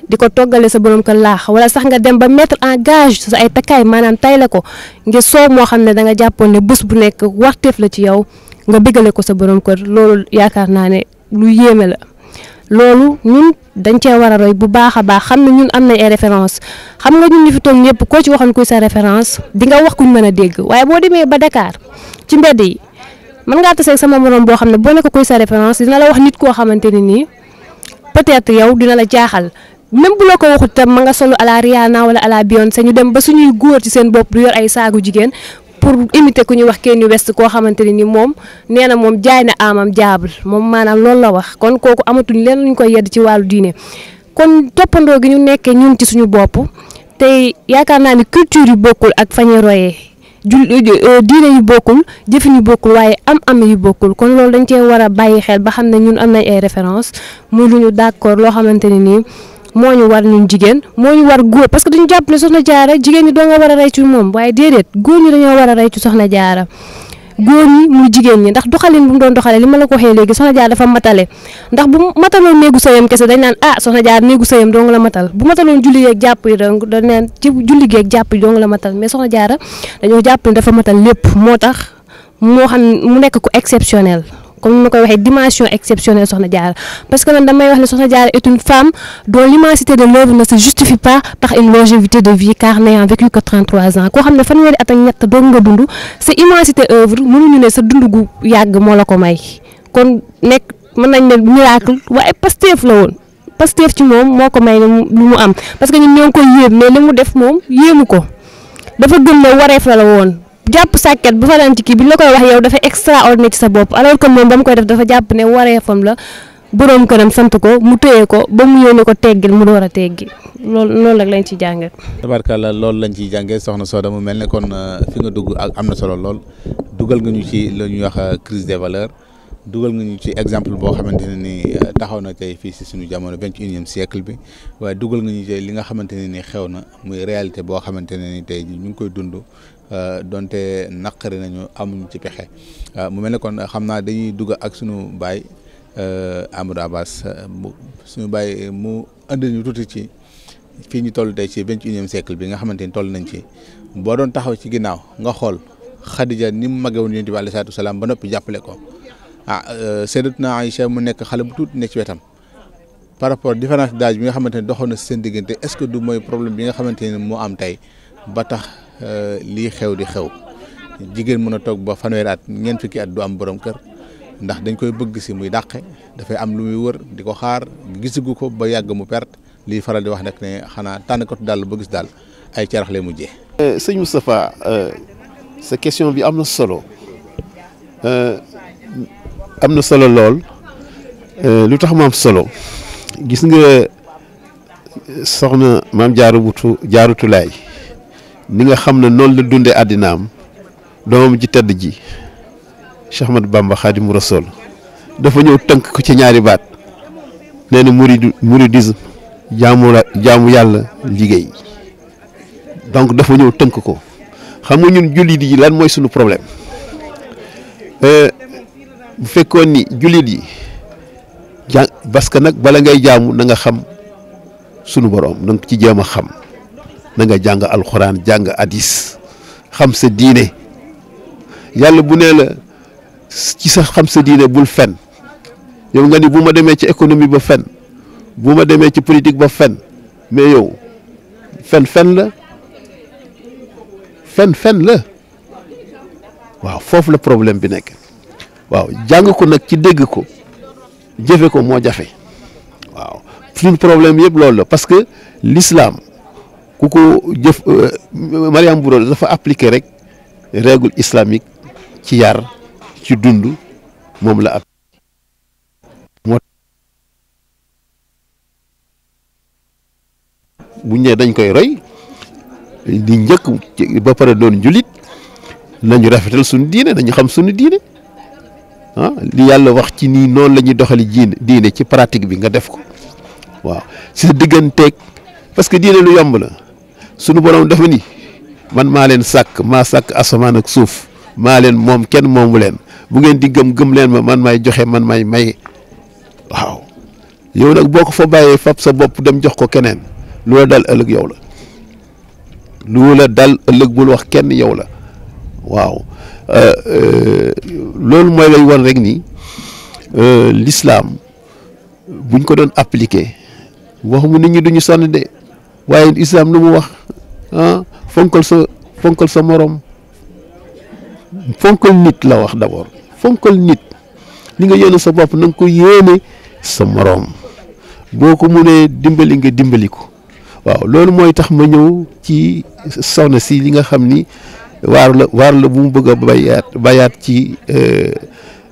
di ko toggale sa borom kër laax wala sax nga dem ba mettre en gage sa ay takkaay maanaam tay la ko ngir soow moo xam ne da nga jàppoon ne bés bu nekk warteef la ci yow nga bégale ko sa borom kër loolu yaakaar naa ne lu yéeme la. loolu ñun dañ cee war a roy bu baax a baax xam ne ñun am nañ ay référence xam nga ñun ñu fi toog ñëpp koo ci waxoon kuy sa référence di nga wax kuñ mën a dégg waaye boo demee ba Dakar ci mbedd yi man ngaa taseeg sama morom boo xam ne boo nekk kuy sa référence dina la wax nit koo xamante ne nii peut-être yow dina la jaaxal. même bu la ko waxut tam ma nga solu à la Rihanna wala à la ñu dem ba suñuy góor ci seen bopp du yor ay saagu jigéen pour imiter ku ñu wax kenn west koo xamante ne ni moom neena moom jaay na amam jaabul moom maanaam loolu la wax kon kooku amatuñ leen luñ koy yedd ci wàllu diine kon toppandoo gi ñu nekkee ñun ci suñu bopp tey yaakaar naa ni culture yu bokkul ak fañu royee jul euh, euh, diine yu bokkul jëfin yu bokkul waaye am-am yu bokkul kon loolu dañ cee war a bàyyi xel ba xam ne ñun am nañ ay référence muy lu ñu loo xamante ne nii moo ñu war ñun jigéen moo ñu war góor parce que dañu jàpp ne soxna jaara jigéen ñi doo nga war a rey ci moom waaye déedéet góor ñi dañoo war a rey ci soxna jaara góor ñi mu jigéen ñi ndax doxalin bu mu doon doxalee li ma la ko xee léegi soxna jaar dafa matale ndax bu mataloon néegu sëyam kese dañ naan ah soxna jaar néegu sëyam dong la matal bu mataloon julli yeeg jàpp yi dong dañ naan ci julli geeg jàpp yi dong la matal mais soxna jaara dañoo jàpp ne dafa matal lépp moo tax moo xam mu nekk ko exceptionnel comme ni ma koy waxee dimension exceptionnelle Soxna Diarra parce que man damay wax ne Soxna Diarra est une femme dont l'immensité de l'œuvre ne se justifie pas par une longévité de vie car n'ayant vécu que 33 ans koo xam ne fanweeri at ñett doog nga dund sa immensité œuvre mënuñu ne sa dund gu yàgg moo la ko may kon nekk mën nañ ne miracle waaye Pastef la woon Pastef ci moom moo ko may lu mu am parce que ñun ñoo ngi koy yéem mais li mu def moom yéemu ko dafa jàpp sàkket bu fa daan kii bi ñu la koy wax yow dafa extraordinaire ci sa bopp alors que moom ba mu koy def dafa jàpp ne wareefam la boroom këram sant ko mu téye ko ba mu yónnee ko teggil mu door a teggi loolu noonu rek lañ ci jàngat. tabarkalla loolu lañ ciy jàngee soxna Soda mu mel ne kon euh, fi nga dugg ak am na solo lool dugal nga ñu ci la ñuy wax euh, crise des valeurs dugal nga ñu ci exemple boo xamante ne ni euh, taxaw na tey fii si suñu jamono vingt et unième siècle bi waaye dugal nga li nga xamante ne ni xew na muy réalité boo xamante ne ni tey ñu ngi koy dund Euh, donte naqari nañu amuñ ci pexe euh, mu mel ne xam naa dañuy dugg ak suñu baay euh, Amadou Abass mu suñu baay mu indi ñu tuuti ci fii ñu toll tey ci vingt et unième siècle bi nga xamante ni toll nañ ci boo doon taxaw ci ginnaaw nga xool Khadija ni mu màggee woon Yonent bi alayhi salaatu salaam ba noppi jàppale ko ah Sayyidatuna Aïcha mu nekk xale bu tuuti nekk ci wetam. par rapport différence d'âge bi nga xamante ne doxoon na seen diggante est-ce que du mooy problème bi nga xamante ne moo am tey ba tax Euh, lii xew di xew jigéen mën a toog ba fanweeri at ñeent fukki at du am boroom kër ndax dañ koy bëgg si muy dàqe dafay am lu muy wër di ko xaar gisigu ko ba yàgg mu perte lii faral di wax nag ne xanaa tànn ko daal ba gis daal ay carax lay mujjee. Euh, sëñ Moustapha euh, sa question bi am na solo am na solo lool lu tax mu am solo gis nga soxna maam jaaru butu jaarutulaay ni nga xam ne noonu la dundee àddina àddinaam doomam ji tedd ji Cheikh Ahmadou Bamba Xaadimu Rasuul dafa ñëw tënk ko ci ñaari baat nee na murid muridisme jaamu jaamu yàlla liggéey donc dafa ñëw tënk ko xam nga ñun jullit yi lan mooy suñu problème euh, bu fekkoon ni jullit yi ja parce nag bala ngay jaamu na nga xam sunu borom na nga ci jéem a xam. na nga jàng alxuraan jàng hadis xam sa diine yàlla bu nee la ci sa xam sa diine bul fen yow nga ni bu ma demee ci économie ba fen bu ma demee ci politique ba fen mais yow fen fen la fen fen la waaw foofu la problème bi nekk waaw jàng ko nag ci dégg ko jëfe ko moo jafe waaw suñu problème yëpp loolu la parce que lislaam ku ko jëf euh, Mariam Bourole dafa appliquer rek règle islamique ci yar ci dund moom la ak moo bu ñëwee dañ koy roy di njëkk ba pare doon jullit nañu rafetal suñu diine nañu xam sunu diine ah li yàlla wax ci nii noonu la ñuy doxali jiin diine ci pratique bi nga def ko waaw si digganteeg parce que diine lu yomb la sunu borom dafa ni man maa leen sàkk maa sàkk asamaan ak suuf maa leen moom kenn moomu leen bu ngeen di gëm gëm leen ma man may joxe man maay may waaw yow nag boo ko fa bàyyee fab sa bopp dem jox ko keneen lu la dal ëllëg yow la lu la dal ëllëg bul wax kenn yow la waaw euh, euh, loolu mooy lay won rek nii euh, lislaam buñ ko doon appliquer waxumu nit ñi duñu sonn de. waaye islam lu mu wax ah fonkal sa fonkal sa morom fonkal nit la wax d'abord fonkal nit li nga yéene sa bopp nanga nga ko yéene sa moroom boo ko mënee dimbali nga dimbali ko waaw loolu mooy tax ma ñëw ci soxna si li nga xam ni waar la waar la bu mu bëgg a bayaat bayaat ci euh,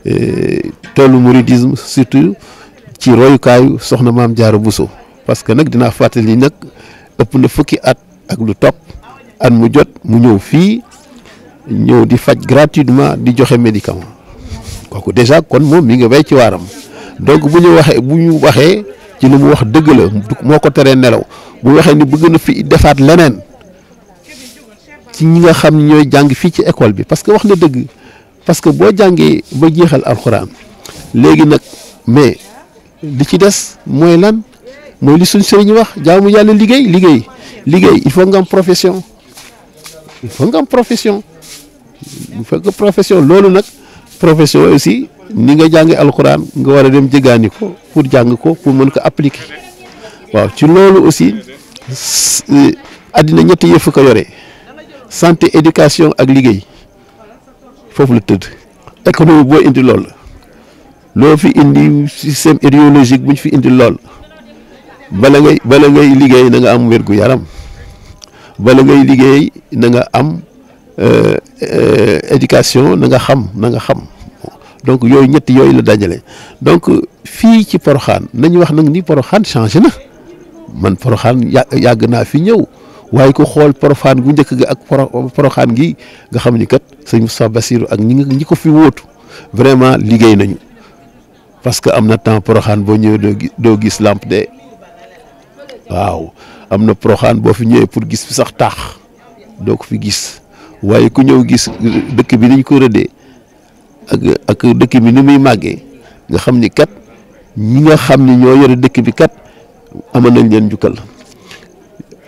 euh, toolu mouridisme surtout ci royukaayu soxna maam Jaara Buso parce que nag dinaa fàttali nag. ëpp na fukki at ak lu topp at mu jot mu ñëw fii ñëw di faj gratuitement di joxe médicament kooku déjà kon moom mi nga bay ci waaram donc bu ñu waxee bu ñu waxee ci li mu wax dëgg la moo ko teree nelaw bu waxee ni bëgg na fi defaat leneen ci ñi nga xam ñooy jàng fii ci école bi parce que wax na dëgg parce que boo jàngee ba jeexal alxuraan léegi nag mais li ci des mooy lan. mooy li suñ sëriñ wax jaamu yàlla liggéey liggéey liggéey il faut nga am profession il faut nga am profession il faut nga profession loolu nag profession aussi ni nga jàng alxuraan nga war a dem jëgaani ko pour jàng ko pour mën ko appliquer waaw ci loolu aussi eh, àddina ñetti yëf ko yore santé éducation ak liggéey foofu la tëdd économie boo indi lool loo fi indi système idéologique bu ñu fi indi lool bala ngay bala ngay liggéey na am wérgu yaram bala ngay liggéey na nga am euh, euh, éducation na nga xam na nga xam donc yooyu ñetti yooyu la dajale donc fii ci poroxaan nañu wax nag nii poroxaan changé na man poroxaan yàgg naa fi ñëw waaye ku xool poroxaan gu njëkk gi ak poroxaan gi nga xam ni kat sëñ Moustapha Bassirou ak ñi ñi ko fi wóotu vraiment liggéey nañu parce que am na temps poroxaan boo ñëwee doo gis làmp de waaw am na proxaan boo fi ñëwee pour gis fi sax taax doo ko fi gis waaye ku ñëw gis dëkk bi niñ ko rëddee ak ak dëkk bi ni muy màggee nga xam ni kat ñi nga xam ni ñoo yore dëkk bi kat ama nañ leen jukkal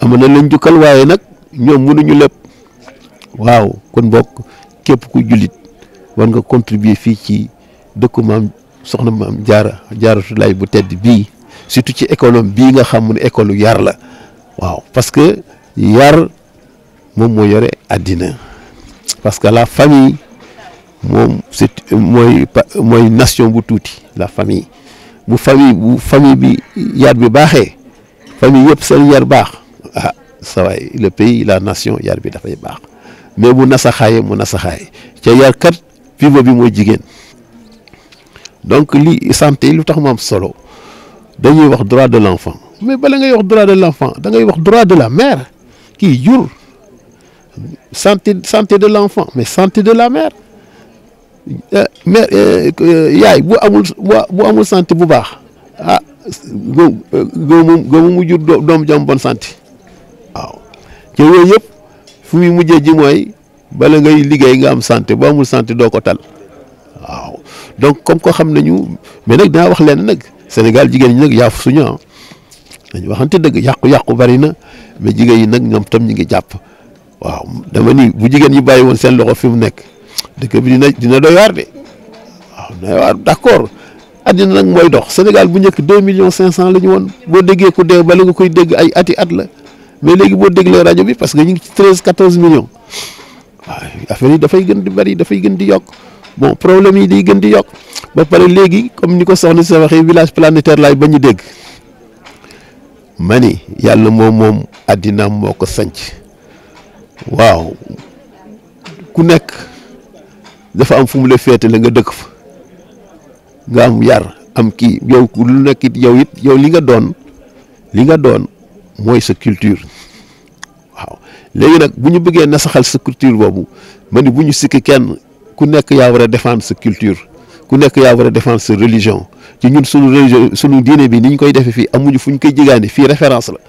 ama nañ leen jukkal waaye nag ñoom mënuñu lépp waaw kon bokk képp ku jullit war nga contribuer fii ci dëkk maam soxna maam jaara jaaratu lay bu tedd bii surtout ci école bii nga xam mu ne école yar la waaw parce que yar moom mooy yore àddina parce que la famille moom c'est mooy nation bu tuuti la famille bu famille bu famille bi yaar bi baaxee famille yëpp seen yar baax ah sa waay le pays la nation yar bi dafay baax mais bu nasaxaaye mu nasaxaaye ca yarkat pivot bi mooy jigéen donc li santé lu tax mu solo dañuy wax droit de l'enfant mais bala ngay wax droit de l'enfant da ngay wax droit de la mère kii jur santé santé de l'enfant mais santé de la mère euh, mère euh, yaay bu amul amul santé bu baax ah góob góob mu jur doom jam bonne santé waaw te yooyu yëpp fu muy mujjee ji bala ngay liggéey nga am santé boo amul santé doo ko tal waaw donc comme ko xam nañu mais nag dinaa wax leen nag. Sénégal jigéen ñi nag yaaf suñu ah dañu waxante dëgg yàqu-yàqu bari na mais jigéen yi nag ñoom tam ñi ngi jàpp waaw dama ni bu jigéen ñi bàyyi woon seen loxo fi mu nekk dëkk bi dina dina doy waar de waaw doy waar d'accord addina nag mooy dox Sénégal bu njëkk deux million cinq cent la ñu woon boo déggee ku dee bala nga koy dégg ay ati at la mais léegi boo déglee rajo bi parce que ñu ngi ci treize quatorze millions a affaire yi dafay gën di bari dafay gën di yokk. bon problème yi day gën di yokk ba pare léegi comme ni ko soxna si waxee village planétaire laay ba ñu dégg ma ni yàlla moom moom àddina moo ko sanc waaw ku nekk dafa am fu mu la féete la nga dëkk fa nga am yar am kii yow lu nekk it yow it yow li nga doon li nga doon mooy sa culture waaw léegi nag bu ñu bëggee nasaxal sa culture boobu ma bu ñu sikki kenn. ku nekk yaa war a défendre sa culture ku nekk yaa war a défendre sa religion ci ñun suñu religion suñu diine bi ni ñu koy defee fii amuñu fu ñu koy jigaani fii référence la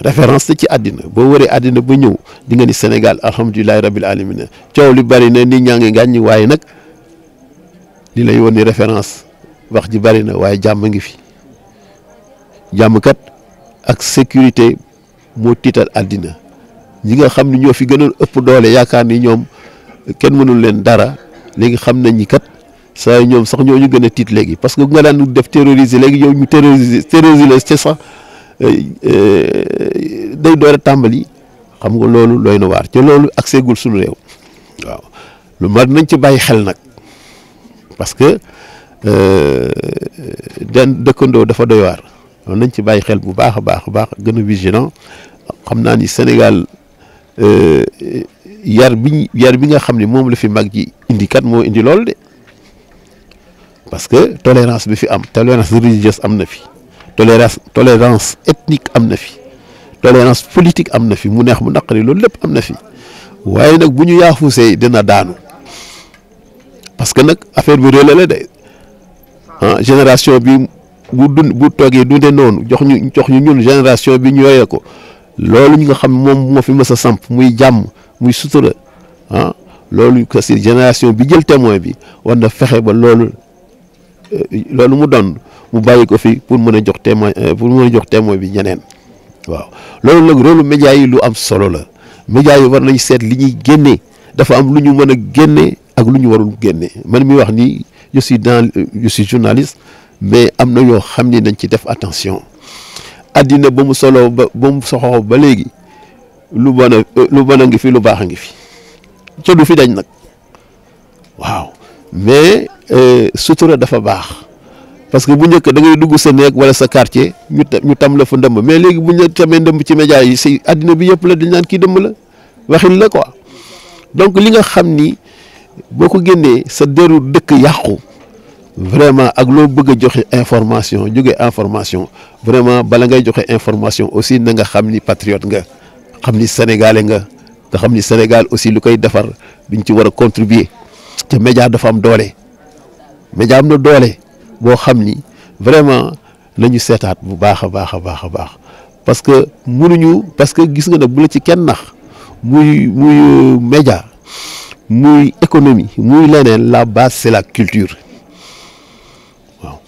référence la ci àddina boo waree àddina ba ñëw di nga ni Sénégal alhamdulilahi rabil alamina coow li bari na nit ñaa ngi gàññ waaye nag li lay woon ni wax ji bari na waaye jàmm ngi fi jàmm kat ak sécurité moo tiital àddina ñi nga xam nu ñoo fi gën gënoon ëpp doole yaakaar ni ñoom kenn mënul leen dara léegi xam nañ ni kat saa ñoom sax ñoo ñu gën a tiit léegi parce que nga daan def terroriser léegi yow ñu terroriser terroriser ci sax euh, euh, day door a tàmbali xam nga loolu looy na waar te loolu accès gul suñu réew waaw lu mat nañ ci bàyyi xel nag parce que euh, den dëkkandoo dafa doy waar loolu nañ ci bàyyi xel bu baax a baax a baax gën a vigilant xam naa ni Sénégal. yar bi yar bi nga xam ne moom la fi mag ji indi kat moo indi loolu de parce que tolérance bi fi am tolérance religieuse am na fi tolérance tolérance ethnique am na fi tolérance politique am na fi mu neex mu naqari loolu lépp am na fi waaye nag bu ñu yaafusee dina daanu parce que nag affaire bi relais la de ah génération bi bu dund bu toogee dundee noonu jox ñu jox ñu ñun génération bi ñu yooyee ko loolu ñu nga xam moom moo fi mës a samp muy jàmm. muy sutura ah, loolu parce que génération bi jël témoin bi war na fexe ba loolu euh, loolu mu doon mu bàyyi ko fi pour mën a jox témoin euh, pour mën jox témoin bi ñeneen waaw loolu nag rôle média yi lu am solo la média yi war nañ seet li ñuy génnee dafa am lu ñu mën a génne ak lu ñu warul génne man mi wax nii je suis dans euh, je suis mais am na yoo xam ni nañ ci def attention àddina ba mu solo ba ba mu soxoo ba léegi lu bon lu bon a ngi fi lu baax a ngi fi ca du fi dañ nag waaw mais euh, sutura dafa baax parce que bu njëkk da ngay dugg sa néeg wala sa quartier ñu ñu tam la fa ndëmb mais léegi bu ñu tamee ndëmb ci média yi si àddina bi yëpp la dañ naan kii dëmb la waxin la ko donc li nga xam ni boo ko génnee sa deru dëkk yàqu vraiment ak loo bëgg a joxe information jóge information vraiment bala ngay joxe information aussi na nga xam ni patriote nga. xam ni sénégalais nga nga xam ni Sénégal aussi lu koy defar duñ ci war a contribuer te média dafa am doole média am na doole boo xam ni vraiment nañu seetaat bu baax a baax a baax a baax parce que mënuñu parce que gis nga ne bu la ci kenn nax muy muy euh, média muy économie muy leneen la base c'est la culture waaw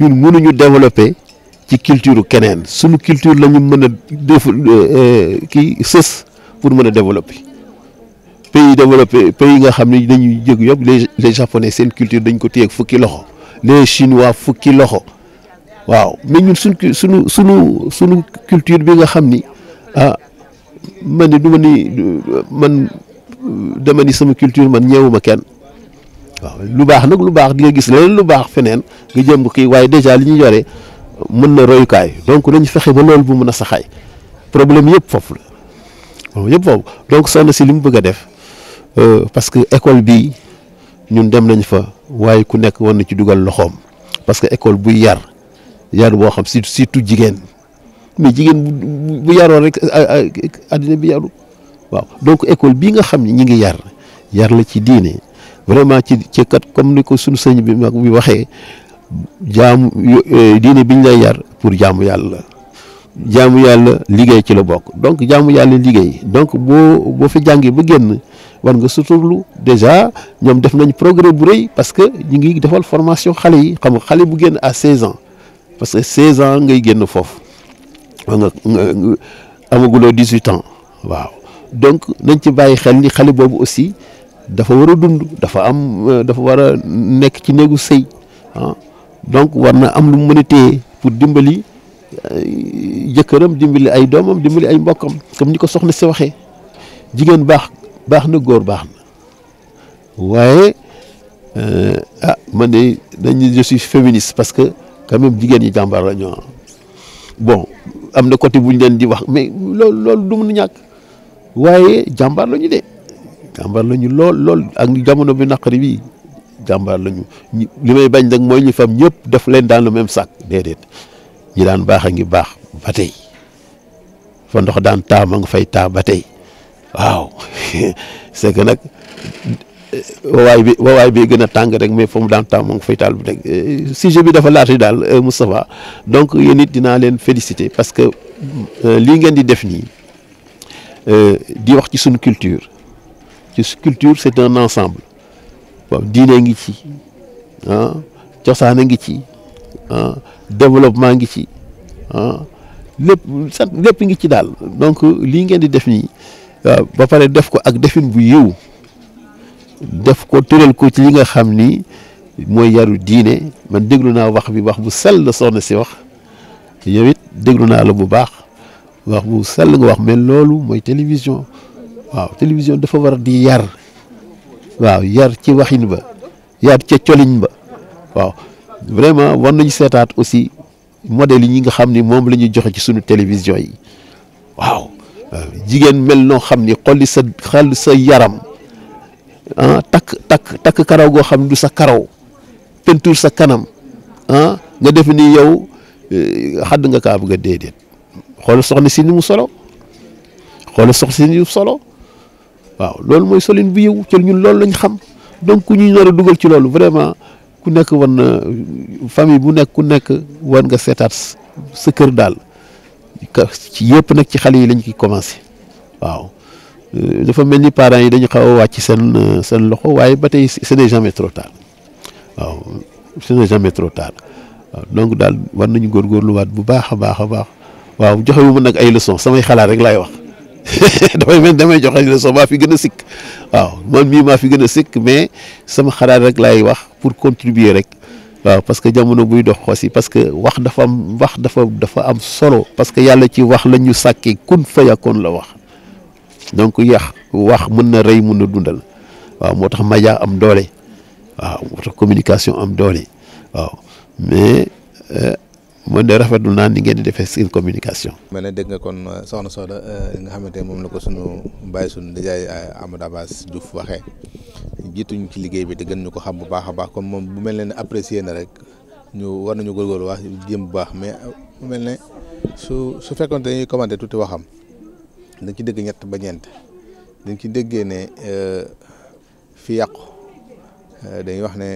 ñun mënuñu développer. ci culture keneen suñu culture lañu mën a def eh, kii sës pour mën a développer pays développé pays nga xam ne dañuy jëg yëpp les les japonais seen culture dañ ko téye fukki loxo les chinois fukki loxo waaw mais ñun suñu suñu suñu suñu culture bi nga xam ni ah man ni du ma ni man dama ni sama culture man ñeewuma kenn waaw lu baax nag lu baax di nga gis leneen lu baax feneen nga jëm ko kii waaye déjà li ñu yore. mën na royukaay donc nañ fexe ba loolu bu mën a saxaay problème yëpp foofu la moom yëpp foofu donc soxna si li mu bëgg a def euh, parce que école bi ñun dem nañ fa waaye ku nekk war na ci dugal loxoom parce que école buy yar yar boo xam surtout surtout jigéen mais jigéen bu bu yaroon rek àddina bi yaru waaw donc école bii nga xam ne ñu ngi yar yar la ci diine vraiment ci ci kat comme ni ko suñu sëñ bi mag bi waxee. jaamu e, diine biñ lay yar pour jaamu yàlla jaamu yàlla liggéey ci la bokk donc jaamu yàlla liggéey donc boo boo fi jàngee ba génn war nga suturlu déjà ñoom def nañ progrès bu rëy parce que ñu ngi defal formation xale yi xam xale bu génn à 16 ans parce que 16 ans ngay génn foofu nga amaguloo 18 ans waaw donc nañ ci bàyyi xel ni xale boobu aussi dafa war a dund dafa am dafa war a nekk ci néegu sëy ah. donc war na am lu mu mën a téye pour dimbali euh, jëkkëram dimbali ay doomam dimbali ay mbokkam comme ni ko soxna si waxee jigéen baax baax na góor baax na waaye euh, ah man de dañuy je suis féministe parce que quand jigéen ñi jàmbaar la bon am na côté bu ñu leen di wax mais loolu loolu du mun ñàkk waaye jàmbaar la ñu de jàmbaar la ñu lool lool ak jamono bi naqari bi jàmbaar lañu li may bañ nag mooy ñu fam ñëpp def leen dans le même sac déedéet ñi daan baax a ngi baax ba tey fa ndox daan taa a nga fay taa ba tey waaw c'est que nag wawaay bi wawaay bi gën a tàng rek mais fa mu daan taa ma nga fay taal bu nekk euh, sujet bi dafa laati daal euh, Moustapha donc yéen it dinaa leen féliciter parce que euh, lii ngeen di def nii di wax ci suñu culture ci culture c'est un ensemble waaw diine ngi ci ah, cosaan a ngi ci ah, développement ngi ci ah lépp sax ngi ci daal donc lii ngeen di def nii ba pare def ko ak defin bu yiw def ko tëral ko ci li nga xam ni mooy yaru diine man déglu naa wax bi wax bu sel la soxna si wax yow it déglu naa la bu baax wax bu sell nga wax mais loolu mooy télévision waaw télévision dafa war di yar. waaw yar ci waxin ba yar ca colin ba waaw vraiment war nañu seetaat aussi modèle yi nga xam ni moom la ñuy joxe ci suñu télévision yi waaw jigéen mel noo xam ni xolli sa xel sa yaram ah takk takk takk karaw goo xam du sa karaw pentuur sa kanam ah nga def ni yow eh, xadd nga kaa bëgg a déedéet xool soxna si ni mu solo xool soxna si ni mu solo waaw loolu mooy solin bu yëw ci ñun loolu lañ xam donc ku ñu nar a dugal ci loolu vraiment ku nekk war na famille bu nekk ku nekk war nga seetaat sa kër daal ci yëpp nag ci xale yi lañ ki commencé waaw euh, dafa mel ni parents yi dañu xaw a wàcc seen seen loxo waaye ba tey ce n'est jamais trop tard waaw ce n'est jamais trop tard donc daal war nañu góorgóorluwaat bu baax a baax a baax waaw joxewuma nag ay leçons samay xalaat rek laay wax. damay mel damay joxe ne sax maa fi gën a sikk waaw man mii maa fi gën a sikk mais sama xaraat rek laay wax pour contribuer rek waaw parce que jamono buy dox aussi parce que wax dafa am wax dafa dafa am solo parce que yàlla ci wax la ñu sàkkee kun fa yakkoon la wax donc yax wax mën na rey mën na dundal waaw moo tax média am doole waaw moo tax communication am doole waaw mais. Euh, man de rafetlu naa ni ngeen di defee seen communication. mel ne dégg nga kon euh, soxna Soda euh, nga xamante moom la ko suñu sunu bàyyi sunu nijaay euh, Amadou Abass Diouf waxee jiituñ ci liggéey bi te gën ñu ko xam bu baax a baax kon moom bu mel ne apprécier na rek ñu war nañu góorgóorlu wax jéem bu baax mais bu mel ne su su fekkoon te dañuy commenté tuuti waxam dañ ci dégg ñett ba ñeent dañ ci déggee ne fi yàqu wax ne.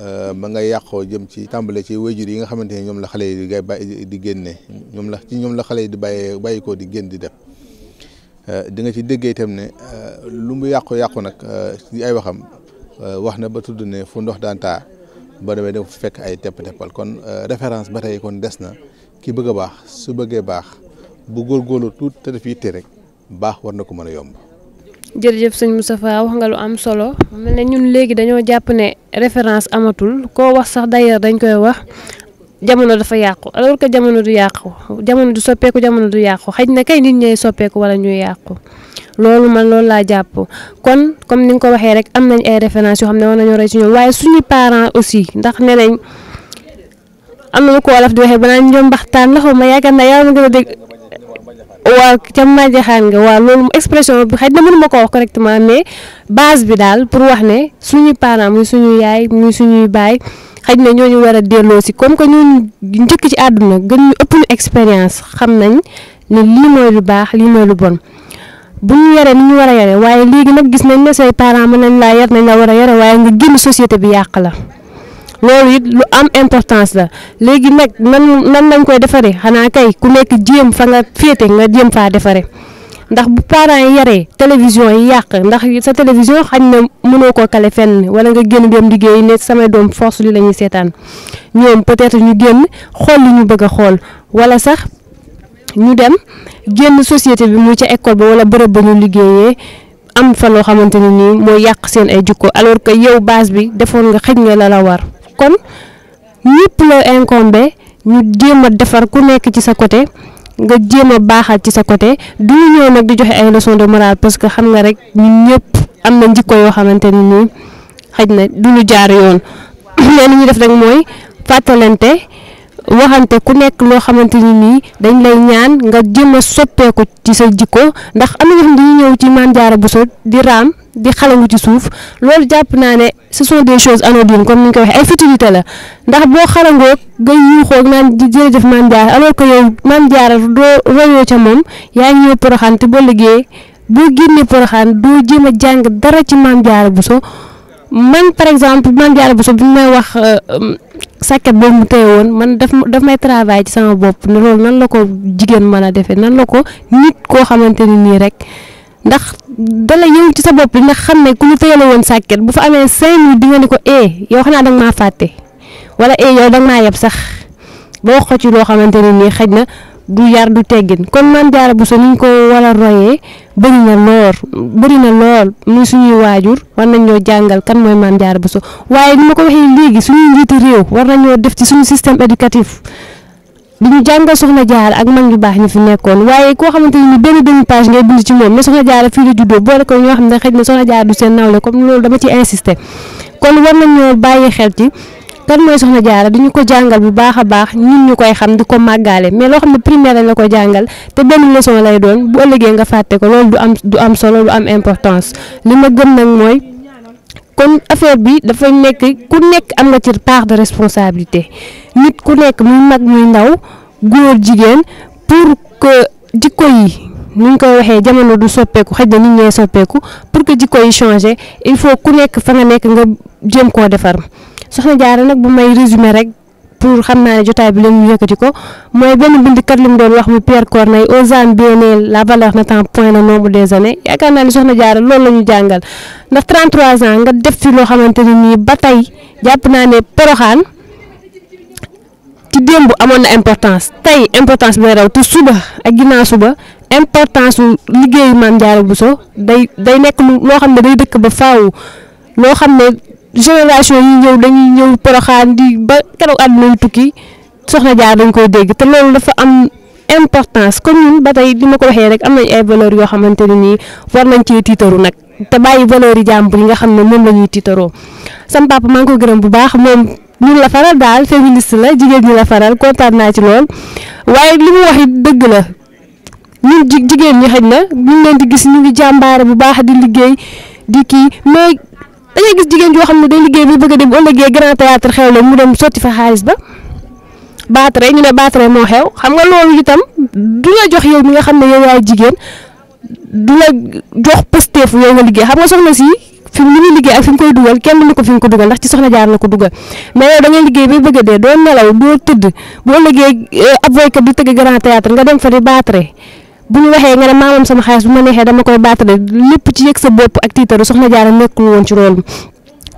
Euh, ba nga yàqoo jëm ci tàmbale ci wéyjur yi nga xamante ne ñoom la xale yi di bàyyi di génne ñoom la ci ñoom la xale yi di bàyyee bàyyi ko di génn di def euh, di nga ci déggee itam ne euh, lu mu yàqu yàqu nag ci ay waxam wax na ba tudd ne fu ndox daan taa ba demee fu fekk ay tepp-teppal kon référence ba tey kon des na ki bëgg a baax su bëggee baax bu góorgóorlu tuut te def yitte rek baax war na ko mën a yomb. jërëjëf sëñ Moustapha sa nga lu am solo mel ne ñun léegi dañoo jàpp ne référence amatul koo wax sax d'ailleurs dañ koy wax jamono dafa yàqu alors que jamono du yàqu jamono du soppeeku jamono du yàqu xëj na kay nit ñooy soppeeku wala ñuy yàqu loolu man loolu laa jàpp kon comme ni nga ko waxee rek am nañ ay références yoo xam ne war nañoo roy ci ñoom waaye suñu parents aussi ndax nee am na lu ko wolof di waxee banaan ñoom mbaxtaan la xaw ma ma gën a dégg cam ca Madiakhane nga waa loolu expression bi xëy na mënuma ko wax correctement mais base bi daal pour wax ne suñuy parents muy suñuy yaay muy suñuy baay xëy na ñu war a delloo si comme que ñooñu njëkk ci àdduna gën ñu ëpp ñu expérience xam nañ ne lii mooy lu baax lii mooy lu bon. bu ñu yaree ni ñu war a yare waaye léegi nag gis nañ ne say parents mën nañ laa yar nañ la war a yare waaye nga génn société bi yàq la. loolu it lu am importance la léegi nag nan nan lañ koy defaree xanaa kay ku nekk jéem fa nga féete nga jéem faa defaree ndax bu parents yi yaree télévision yi yàq ndax sa télévision xañ na mënoo koo kale fenn wala nga génn dem liggéey ne samay doom force li lañuy seetaan ñoom peut-être ñu génn xool li ñu bëgg a xool wala sax ñu dem génn société bi muy ca école ba wala bërëb ba ñu liggéeyee am fa loo xamante ne nii mooy yàq seen ay jikko alors que yow base bi defoon nga xëj nga la war. kon ñëpp la incombé ñu jéem defar ku nekk ci sa côté nga jéem a baaxal ci sa côté du ñu ñëw nag di joxe ay leçon de morale parce que xam nga rek ñun ñëpp am na njikko yoo xamante ni nii xaj na du ñu jaar yoon leen ñu def rek mooy fàttalante waxante ku nekk loo xamante ni nii dañ lay ñaan nga jéem a soppeeku ci sa jikko ndax am na ñoo xam dañuy ñëw ci Mame Diarra di raam di xalangu ci suuf loolu jàpp naa ne ce sont des choses anodines kon ni ñu ko waxee ay futilité la ndax boo xalangoog nga yuuxoog naan jërëjëf Mame Diarra alors que yow Mame doo royoo ca moom yaa ngi ñëw poroxaan te boo liggéey boo génnee poroxaan doo jéem jàng dara ci Mame Diarra Bousso man par exemple Mame Diarra Bousso bi may wax. Euh, sàkket boobu mu téye woon man daf daf may travail ci sama bopp na loolu nan la ko jigéen mën a defee nan la ko nit koo xamante ni nii rek ndax dala yow ci sa bopp ndax xam ne ku mu téye la woon sàkket bu fa amee cinq minutes di nga ni ko eh yow xanaa danga maa fàtte wala eh yow danga maa yeb sax ba wax ko ci loo xamante ni nii xëj na. du yar du teggin kon maam jaara bu so ni ko war a royee bëri na lool bëri na lool muy suñuy waajur war nañ ñoo jàngal kan mooy maam jaara bu so waaye ni ma ko waxee léegi suñuy njiitu réew war nañoo def ci suñu système éducatif di ñu jàngal soxna jaara ak mag ñu baax ñi fi nekkoon waaye koo xamante ni benn demi page ngay bind ci moom ne soxna jaara fii la juddoo boole ko ñoo xam ne xëy na soxna jaara du seen nawle comme loolu dama ci insister kon war nañ ñoo bàyyi xel ci. kan mooy soxna jaara di ñu ko jàngal bu baax a baax ñun ñu koy xam di ko màggaale mais loo xam ne primaire lañ la ko jàngal te benn leçon lay doon bu ëllëgee nga fàtte ko loolu du am du am solo du am importance li ma gëm nag mooy kon affaire bi dafa nekk ku nekk am nga ci part de responsabilité nit ku nekk mu mag mu ndaw góor jigéen pour que jikko yi ni ñu koy waxee jamono du soppeeku xëj na nit ñee soppeeku pour que jikko yi changé il faut ku nekk fa nekk nga jéem koo defar. soxna jaara nag bu may résumé rek pour xam naa ne jotaay bi leen ñu yëkkati ko mooy benn bindikat li mu doon wax mu Pierre Corneille aux âmes bien nées la valeur n'attend point le nombre des années yaakaar naa ne soxna jaara loolu la jàngal ndax 33 ans nga def fi loo xamante ne nii ba tey jàpp naa ne poroxaan ci démb amoon na importance tey importance bi raw te suba ak ginnaaw suba importance su liggéeyu Maam bu so day day nekk loo xam ne day dëkk ba génération yi ñëw dañuy ñëw poroxaan di ba keroog àdduna tukki soxna jaar dañ koo dégg te loolu dafa am importance comme ba tey li ma ko waxee rek am nañ ay valeurs yoo xamante ne nii war nañ cee tiitaru nag te bàyyi valeurs yi jàmbur yi nga xam ne moom la ñuy tiitaroo sam papa maa ngi ko gërëm bu baax moom ñun la faral daal féministe la jigéen ñi la faral kontaan naa ci lool waaye li mu wax it dëgg la ñun jigéen ñi xëj na ñu leen di gis ñu ngi jàmbaare bu baax di liggéey di kii da gis jigéen joo xam ne day liggéey bi bëgg a dem bu ëllëgee grand théâtre xew la mu dem sotti fa xaalis ba baatare ñu ne baatare moo xew xam nga loolu itam du la jox yow mi nga xam ne yow yaay jigéen du la jox pësteefu yow nga liggéey xam nga soxna si fi mu li muy liggéey ak fi mu koy dugal kenn ni ko fi mu ko dugal ndax ci soxna jaar la ko dugal mais yow da ngay liggéey bay bëgg a dee doo nelaw doo tëdd boo liggéey eh, ab woykat bi tëgg grand théâtre nga dem fa bu ñu waxee nga ne maamam sama xaalis bu ma neexee dama koy baatale lépp ci yëg sa bopp ak tiitaru soxna jaara nekkul woon ci loolu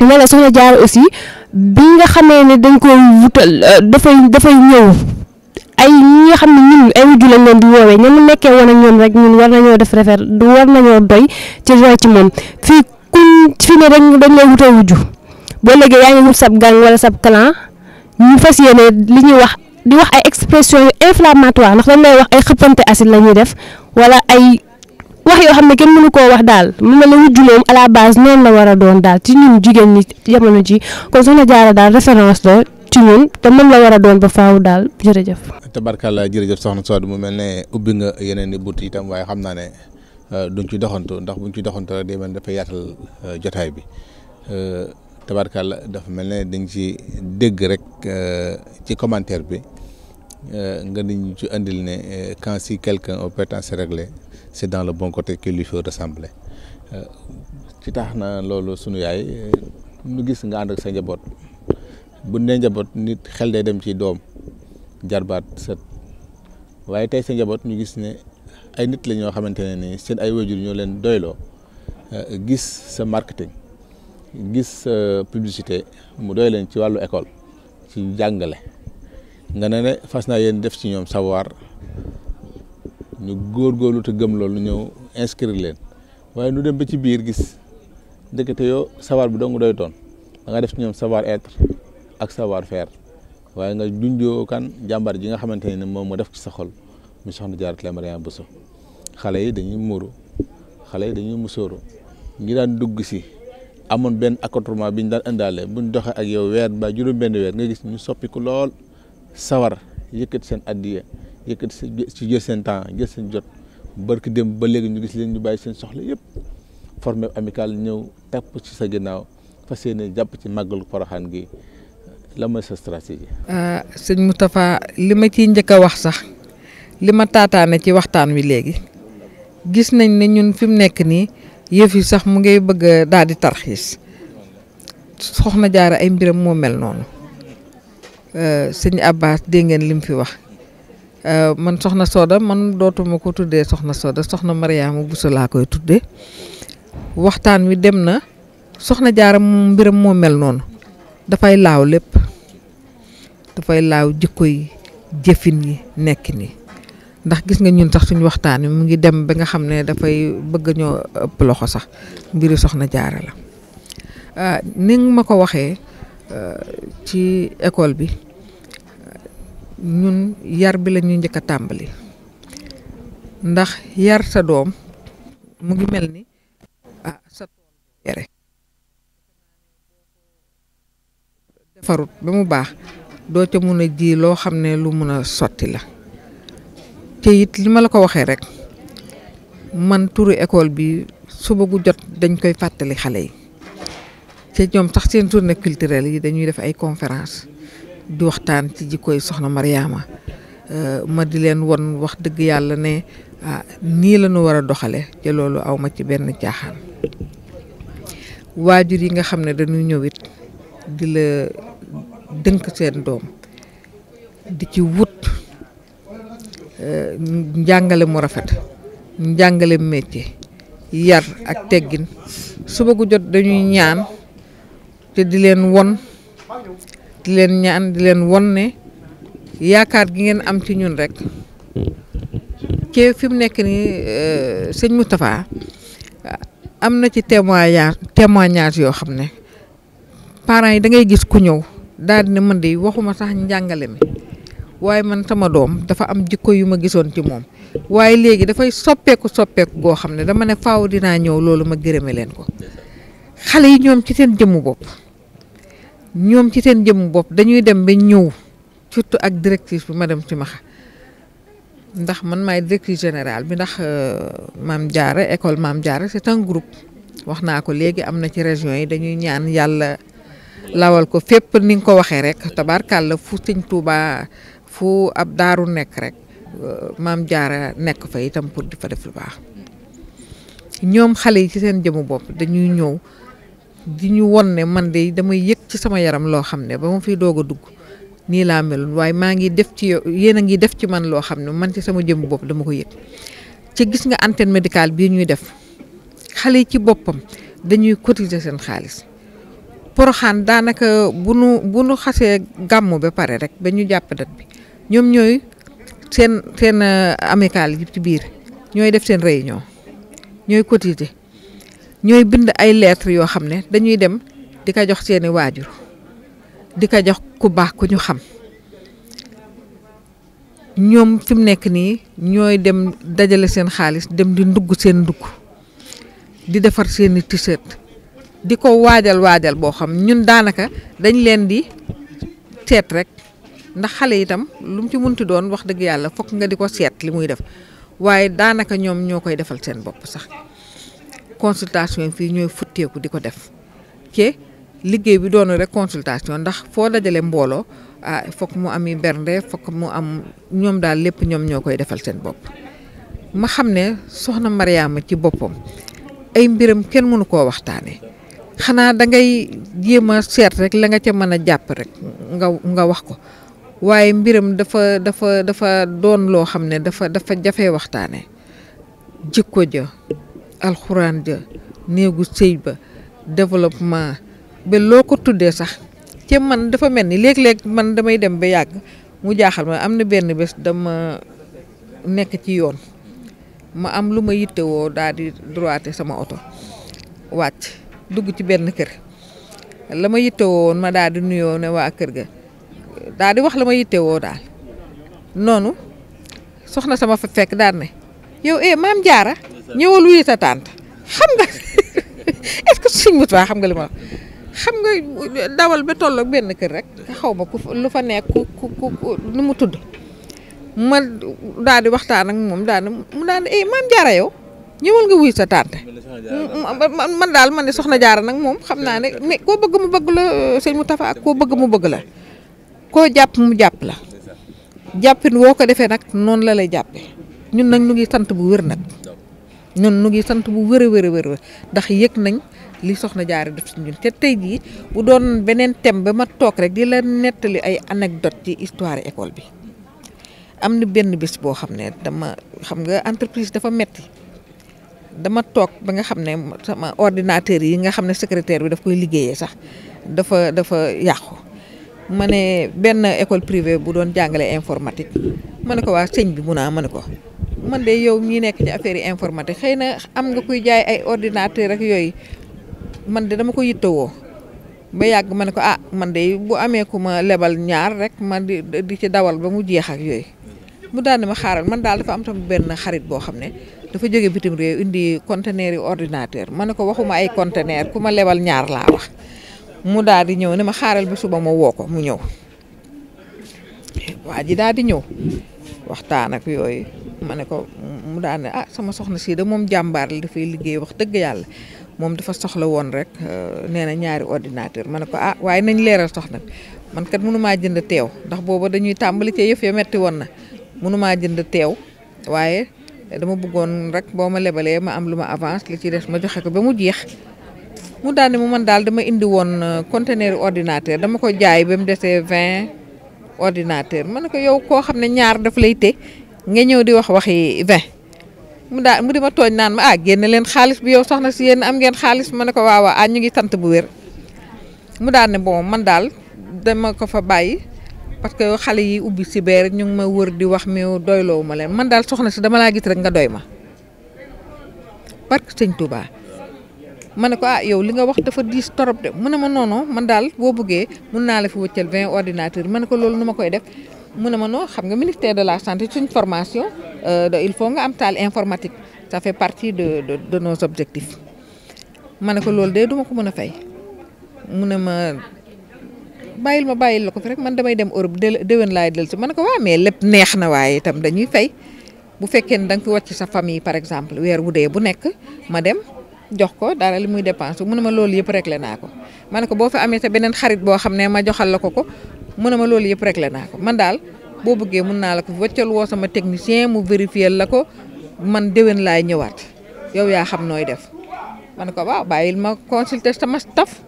nga ne soxna jaara aussi bi nga xamee ne dañ koy wutal euh, dafay dafay ñëw ay ñi nga xam ne ñun ay wujju lañ leen di woowee ña nekkee woon a ñoom rek ñun war nañoo def refer war nañoo doy ci roy ci moom fii kuñ fi ne dañ dañ lay wutal wujju boo léegi yaa ngi wut sab gang wala sab clan ñu fas yéene li ñuy wax di wax ay expression yu inflammatoire ndax dañ lay wax ay xëppante acide la ñuy def wala ay wax yoo xam ne kenn mënu koo wax daal mu mel ne wujju moom à la base noonu la war a doon daal ci ñun jigéen ñi jamono ji kon soxna Diarra daal référence la ci ñun te moom la war a doon ba faaw daal jërëjëf. tabarkalla jërëjëf soxna soo di mu mel ne ubbi nga yeneen i bunt itam waaye xam naa ne euh, duñ ci doxantu ndax buñ ci doxantu rek day mel dafa yaatal euh, jotaay bi. Euh, tabarkalla dafa mel ne dañ ci dégg rek ci commentaire bi Euh, nga ni ñu ci andil ne euh, quand si quelqu'un au pétence réglé c'est dans le bon côté qu'il lui faut ressembler euh, ci tax na loolu sunu yaay nu gis nga ànd ak sa njaboot bu nee njaboot nit xel day dem ci doom jarbaat sët waaye tey sa njaboot ñu gis ne ay nit la ñoo xamante ne nii seen ay wajur ñoo leen doyloo gis sa marketing gis sa publicité mu doy leen ci wàllu école ci jàngale nga ne ne fas naa yéen def ci ñoom savoir ñu góorgóorlu te gëm loolu ñëw inscrire leen waaye nu dem ba ci biir gis ndekete yoo savoir bi dong doy toon da nga def ci ñoom savoir être ak savoir faire waaye nga junjoo kan jàmbaar ji nga xamante ne moom moo def ci sa xol mu soxna Diarra Talla Mariama xale yi dañuy muuru xale yi dañuy musóoru ngi daan dugg si amoon benn accoutrement bi ñu daan indaale bu ñu doxee ak yow weer ba juróom benn weer nga gis ñu soppiku lool. sawar yëkkati seen addiya yëkkati ci jël seen temps jël seen jot barki dem ba léegi ñu gis leen ñu bàyyi seen soxla yëpp formé amical ñëw tàpp ci sa ginnaaw fas yéene jàpp ci màggalu Porokhane gi la mooy sa stratégie. Euh, sëñ Moustapha li ma ciy njëkk a wax sax li ma taataane ci waxtaan wi léegi gis nañ ni ñun fi mu nekk nii yëf yi sax mu ngay bëgg daal di tarxiis soxna jaara ay mbiram moo mel noonu. Euh, sëñ Abbas dégg ngeen lim fi wax euh, man soxna Soda man dootuma ko tuddee soxna Soda soxna Mariama Bousso laa koy tuddee waxtaan wi dem na soxna Jaara mbiram moo mel noonu dafay laaw lépp dafay laaw jikko yi jëfin yi nekk nii ndax gis nga ñun sax suñu waxtaan wi mu ngi dem ba nga xam ne dafay bëgg ñoo ëpp loxo sax mbiri soxna Jaara la euh, ni ma ko waxee. ci école bi ñun yar bi la ñuy njëkk a tàmbali ndax yar sa doom mu ngi mel ni ah, sa tool yere defarut ba mu baax doo ca mun a ji loo xam ne lu mun a sotti la te it li ma la ko waxee rek man turu école bi suba gu jot dañ koy fàttali xale yi te ñoom sax seen tournée culturelle yi dañuy def ay conférence du waxtaan ci jikkoy soxna Mariama euh, ma di leen won wax dëgg yàlla ne ah nii la ñu war a doxale te loolu aw ma ci benn caaxaan waajur yi nga xam ne dañuy ñëwit di la dënk seen doom di ci wut euh, njàngale mu rafet njàngale métier yar ak teggin suba gu jot dañuy ñaan te di leen won di leen ñaan di leen won ne yaakaar gi ngeen am ci ñun rek ci fi mu nekk nii euh, sëñ Moustapha am na ci témoignage témoignage yoo xam ne parent yi dangay gis ku ñëw daal di ne man di waxuma sax njàngale mi waaye man sama doom dafa am jikko yu ma gisoon ci moom waaye léegi dafay soppeeku soppeeku goo xam ne dama ne faaw dinaa ñëw loolu ma gërëme leen ko xale yi ñoom ci seen jëmmu bopp. ñoom ci seen jëm bopp dañuy dem ba ñëw surtout ak directrice bi madame Timaxa ndax man maay directrice générale bi ndax euh, maam Diarra école maam Diarra c'est un groupe wax naa ko léegi am na ci région yi dañuy ñaan yàlla lawal ko fépp ni nga ko waxee rek tabarkàlla fu sëñ Touba fu ab daaru nekk rek euh, maam Diarra nekk fa itam pour di fa def lu baax ñoom xale yi ci seen jëmu bopp dañuy ñëw. di ñu won ne man de damay yëg ci sama yaram loo xam ne ba ma fiy doog a dugg nii laa meloon waaye maa ngi def ci yéen a ngi def ci man loo xam ne man ci sama jëm bopp dama ko yëg ci gis nga antenne médical bii ñuy def xale ci boppam dañuy cotiser seen xaalis poroxaan daanaka bu nu bu nu xasee gàmmu ba pare rek ba ñu jàpp dat bi ñoom ñooy seen seen euh, amicale ci biir ñooy def seen réunion ñooy cotiser ñooy bind ay lettres yoo xam ne dañuy dem di ko jox seeni waajur di ko jox ku baax ku ñu xam ñoom fi mu nekk nii ñooy dem dajale seen xaalis dem di ndugg seen ndugg di defar seeni t-shirt di ko waajal waajal boo xam ñun daanaka dañ leen di seet rek ndax xale yitam lu mu ci munti doon wax dëgg yàlla fokk nga di ko seet li muy def waaye daanaka ñoom ñoo koy defal seen bopp sax consultation yi fii ñooy futteeku di ko def te liggéey bi doon rek consultation ndax foo dajale mbooloo ah fokk mu am yi bernde fokk mu am ñoom daal lépp ñoom ñoo koy defal seen bopp. ma xam ne soxna Mariama ci boppam ay mbiram kenn mënu koo waxtaane xanaa da ngay jéem a seet rek la nga ca mën a jàpp rek nga nga wax ko waaye mbiram dafa dafa dafa doon loo xam ne dafa dafa jafe waxtaanee jikko ja alxuraan ja néegu sëy ba développement ba loo ko tuddee sax ci man dafa mel ni léeg-léeg man damay dem ba yàgg mu jaaxal ma am na benn bés dama nekk ci yoon ma am lu ma yittewoo daal di droité sama oto wàcc dugg ci benn kër la ma yittewoo woon ma daal di nuyoo ne waa kër ga daal di wax la ma yittewoo daal noonu soxna sama fa fekk daal yow eh, maam jaara ñëwal wuyu sa tante xam nga est-ce que suñ mut xam nga li ma xam nga dawal ba tolloog benn kër rek xaw ma ku lu fa nekk ku ku nu mu tudd ma daal di waxtaan ak moom daal di mu daal di eh maam yow ñëwal nga wuyu sa tante man daal man ne soxna jaara nag moom xam naa ne mais koo bëgg mu bëgg la sëñ mu tafa ak koo bëgg mu bëgg la koo jàpp mu jàpp la jàppin woo ko defee nag noonu la lay jàppee ñun nag ñu ngi sant bu wér nag ñun ñu ngi sant bu wér a wér a ndax yëg nañ li soxna jaare def si ñun te tey jii bu doon beneen thème ba ma toog rek di la nettali ay anecdote ci histoire école bi am na benn bés boo xam ne dama xam nga entreprise dafa metti dama toog ba nga xam ne sama ordinateur yi nga xam ne secrétaire bi daf koy liggéeyee sax dafa dafa yàqu ma ne benn école privée bu doon jàngalee informatique ma ne ko waa sëñ bi mun naa ma ne ko man de yow ñi nekk ci affaire yi informatique xëy na am kuy jaay ay ordinateur ak yooyu man de dama ko yittewoo ba yàgg ma ne ko ah man de bu amee ma lebal ñaar rek man di di ci dawal ba mu jeex ak yooyu mu daal ma xaaral man daal dafa am tam benn xarit boo xam ne dafa jóge bitim réew indi yi ordinateur ma ne ko waxuma ay conteneur ku ma lebal ñaar laa wax. mu daal di ñëw ne ma xaaral ba suba ma woo ko mu ñëw waa ji daal di ñëw waxtaan ak yooyu ma ne ko mu daal ne ah sama soxna sii de moom jàmbaar la dafay liggéey wax dëgg yàlla moom dafa soxla woon rek euh, nee na ñaari ordinateur ma ne ko ah waaye nañ leeral soxna bi man kat mënumaa jënd teew ndax booba dañuy tàmbali ci yëf ya metti woon na mënumaa jënd teew waaye dama buggoon rek boo ma lebalee ma am lu ma avance li ci des ma joxe ko ba mu jeex mu daal ne mu man daal dama indi woon euh, conteneur ordinateur dama ko jaay ba mu desee vingt ordinateur ma ne ko yow koo xam ne ñaar daf lay teg nga ñëw di wax waxi vingt mu daal mu di ma tooñ naan ma ah génne leen xaalis bi yow soxna si yéen am ngeen xaalis ma ne ko waaw ah ñu ngi sant bu wér mu daal ne bon man daal dama ko fa bàyyi parce que xale yi ubbi si beer ñu ngi ma wër di wax meew doyloo ma leen man daal soxna si dama laa gis rek nga doy ma barke sëñ ma ne ko ah yow li nga wax dafa diis torop de mu ne ma noonoo man daal boo bëggee mun naa la fi wëccal vin ordinateur ma ne ko loolu nu ma koy def mu ne ma noo xam nga ministère de la santé suñ formation euh, il faut nga am taal informatique fait partie de de, de nos ma ne ko loolu de duma ko mën a fay mu ne ma bàyyil ma bàyyil la ko rek man damay dem Europe déwén laay del si ma ne ko mais lépp neex na itam dañuy fay bu fekkee ne da nga ko wàcc sa famille par exemple weer wu dee bu nekk ma dem jox ko dara li muy dépense mu ne ma loolu yëpp réglé naa ko ma ne ko boo fi amee te beneen xarit boo xam ne ma joxal la ko ko mu ne ma loolu yëpp réglé naa ko man daal boo bëggee mun naa la ko wëccal woo sama technicien mu vérifier la ko man déwén laay ñëwaat yow yaa xam nooy def man ko waaw bàyyil ma consulter sama staff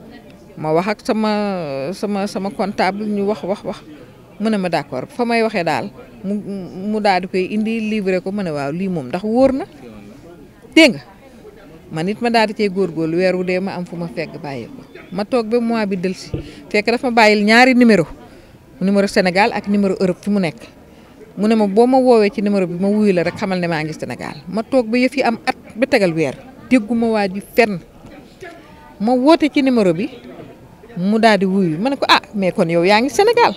ma wax ak sama sama sama comptable ñu wax wax wax mu ne ma d'accord fa may waxee daal mu mu daal di koy indi livré ko ma ne waaw lii moom ndax wóor na dégg nga man nit ma daal di cee góorgóorlu weer wu dee ma am fu ma fekk bàyyi ko ma toog ba mois bi dël si fekk dafa bàyyil ñaari numéro numéro Sénégal ak numéro Europe fu mu nekk mu ne ma boo ma woowee ci numéro bi ma wuyu rek xamal ne maa ngi Sénégal ma toog ba yëf yi am at ba tegal weer dégguma waa ji fenn ma woote ci numéro bi mu daal di wuyu ma ne ko ah mais kon yaa ngi Sénégal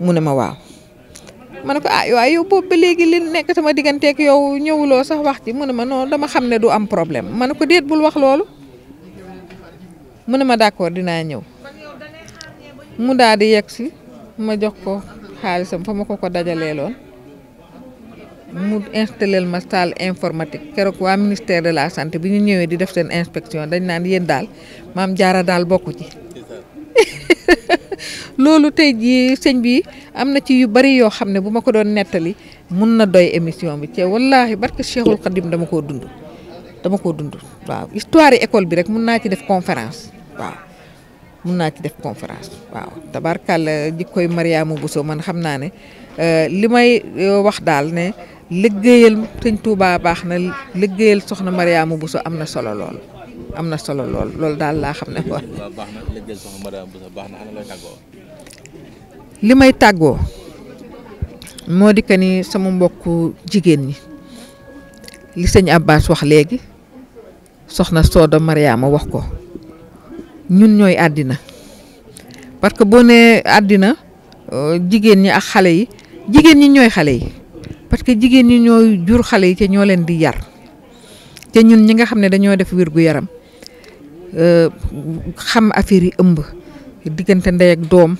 mu ne ma waaw. ma ne ko ah waaye yow boobu ba léegi li nekk sama digganteek yow ñëwuloo sax wax ci mu ne ma noonu dama xam ne du am problème ma ne ko déet bul wax loolu mu ne ma d'accord dinaa ñëw mu daal di yegg si ma jox ko xaalisam fa ma ko ko dajalee loon mu installé ma salle informatique keroog waa ministère de la santé bi ñu ñëwee di def seen inspection dañ naan yéen daal maam jaara daal bokku ci. loolu tey jii sëñ bi am na ci yu bari yoo xam ne bu ma ko doon nettali mun na doy émission bi te wallaahi barke Cheikhul Khadim dama koo dund dama koo dund waaw histoire école bi rek mun naa ci def conférence waaw mun naa ci def conférence waaw tabarkàlla jikkoy Mariama Bousso man xam naa ne euh, li may euh, wax daal ne liggéeyal sëñ Touba baax na liggéeyal soxna Mariama Bousso am na solo lool. am na solo lool loolu daal laa xam ne baax na li may tàggoo moo di que ni sama mbokku jigéen ñi li sëñ Abbas wax léegi soxna Sooda Mariama wax ko ñun ñooy àddina parce que boo nee àddina euh, jigéen ñi ak xale yi jigéen ñi ñooy xale yi parce que jigéen ñi ñooy jur xale yi te ñoo leen di yar te ñun ñi nga xam ne dañoo def wér gu yaram Euh, xam affaire ëmb diggante ndey ak doom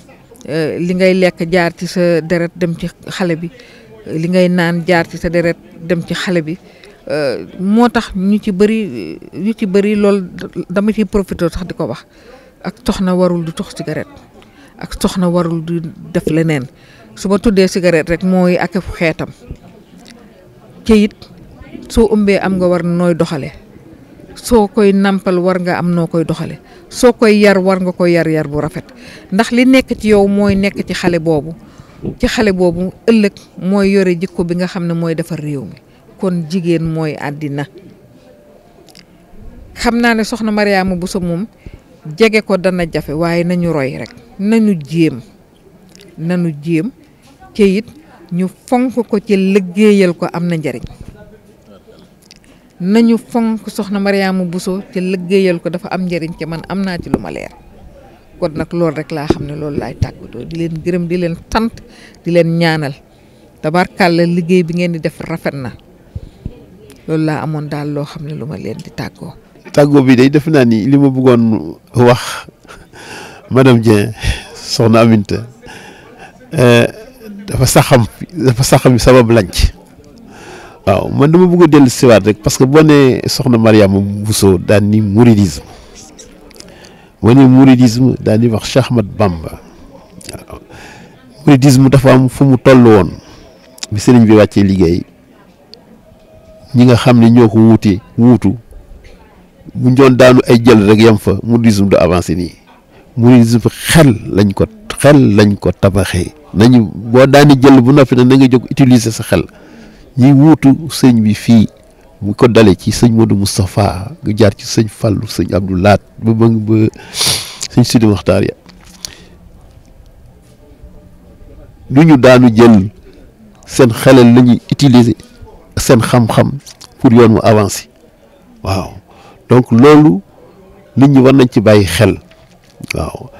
euh, li ngay lekk jaar ci sa deret dem ci xale bi euh, li ngay naan jaar ci sa deret dem ci xale bi moo tax ñu ci bëri ñu ci bëri loolu dama ciy profité tax di ko wax ak soxna warul du tox cigarette ak soxna warul du def leneen su ma tuddee cigarette rek mooy ak xeetam ci it soo ëmbee am nga war nooy doxalee. soo koy nàmpal war nga am noo koy doxale soo koy yar war nga ko yar yar bu rafet ndax li nekk ci yow mooy nekk ci xale boobu ci xale boobu ëllëg mooy yore jikko bi nga xam ne mooy defar réew mi kon jigéen mooy àddina xam naa ne soxna bu Bousso moom jege ko dana jafe waaye nañu roy rek nañu jéem nañu jéem te ñu fonk ko ci liggéeyal ko am na njariñ nañu fonk soxna Mariama buso te liggéeyal ko dafa am njëriñ ci man am naa ci lu ma leer kon nag loolu rek laa xam ne loolu laay tàggatoo di leen gërëm di leen tant di leen ñaanal tabarkàlla liggéey bi ngeen di def rafet na loolu laa amoon daal loo xam ne lu ma leen di tàggoo. tàggoo bi day def naa ni li ma bëggoon wax madame Dieng soxna Aminta eh, dafa saxam dafa saxam sabab lañ ci waaw man dama bëgg a dellu siwaat rek parce que boo soxna soxna Mariama Bousso daan ni mouridisme boo nee mouridisme daan ni wax Cheikh Ahmad Bamba waaw mouridisme dafa am fu mu toll woon bi sëriñ bi wàccee liggéey ñi nga xam ne ñoo ko wuti wuutu bu njoon daanu ay jël rek yem fa mouridisme du avancé nii mouridisme xel lañ ko xel lañ ko tabaxee nañu boo daani jël bu noppi nag na nga jóg utiliser sa xel ñi wuutu sëñ bi fii mu ko dale ci sëñ Modou Moustapha nga jaar ci sëñ Fallou sëñ Abdou Lahat ba ba ba sëñ Sidi Maxtaar ya lu ñu daanu jël seen xelal la ñuy seen xam-xam pour yoon mu avancer waaw donc loolu nit ñi war nañ ci bàyyi xel waaw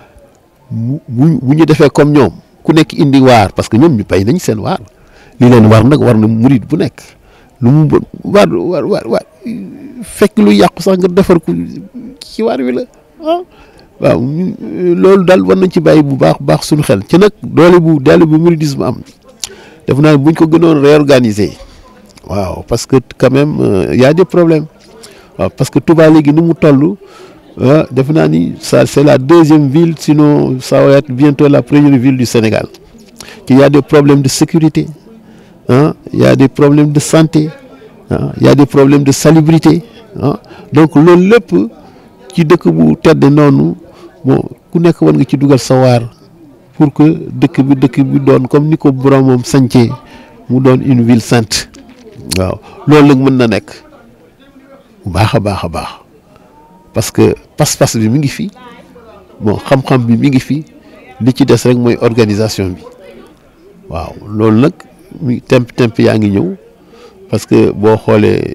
bu bu ñu defee comme ñoom ku nekk indi waar parce que ñoom ñu bay nañ seen waar li leen war nag war na murit bu nekk lu mu war war war fekk lu yàqu sax nga defar ko ci waar wi la ah waaw loolu daal war nañ ci bàyyi bu baax baax suñu xel ci nag doole bu doole bu muridisme am def naa buñ ko gënoon réorganiser waaw parce que quand même euh, y problème waaw parce que Touba léegi ni mu tollu ah def naa ni sa c'est la deuxième ville sinon ça va être bientôt la première ville du Sénégal ci y a des de sécurité. hein, y a des problèmes de santé ah y a de salubrité donc loolu lépp ci dëkk bu tedd noonu bon ku nekk war nga ci dugal sawar waar pour que dëkk bi dëkk bi doon comme ni ko boromam sancee mu doon une ville sainte waaw loolu nag mën na nekk bu baax a baax a baax parce que pas-pas bi mi ngi fi bon xam-xam bi mi ngi fi li ci des rek mooy organisation bi waaw loolu nag. temp temp yaa ngi ñëw parce que boo xoolee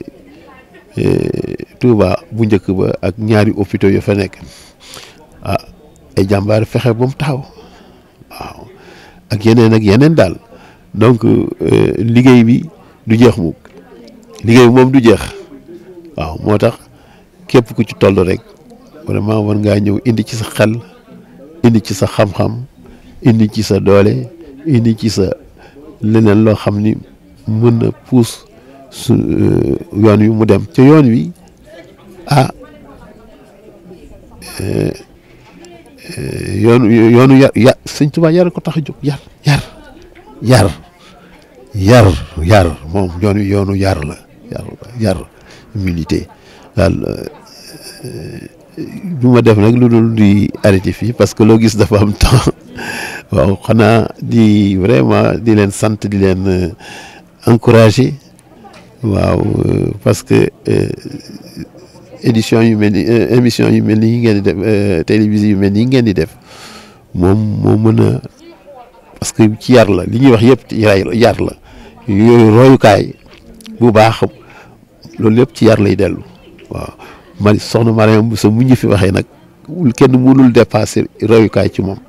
euh, Touba bu njëkk ba ak ñaari hôpitaux yoo fa nekk ah ay jàmbaar fexe ba mu taxaw waaw ak yeneen ak yeneen daal donc euh, liggéey bi du jeex mukk liggéey bi moom du jeex waaw moo tax képp ku ci toll rek vraiment war ngaa ñëw indi ci sa xel indi ci sa xam-xam indi ci sa doole indi ci sa leneen loo xam ni mën na puus su euh, yoon wi mu dem ca yoon wi ah euh, yoonu yoonu yar yar sëñ Tuubaa yar ko tax jóg yar yar yar yar yar moom yoon wi yoonu yar la yar yar du ma def nag lu dul di arrêté fii parce que loo gis dafa am temps waaw xanaa di vraiment di leen sant di leen euh, encourager waaw euh, parce que euh, édition yu mel ni émission yu mel nii ngeen di def télévision yu mel nii ngeen di def moom moo mën a parce que ci yar la li ñuy wax yëpp ci yar la yooyu royukaay bu baax loolu lépp ci yar lay dellu man soxna bu Bousso mu ñu fi waxee nag kenn mënul dépasser royukaay ci moom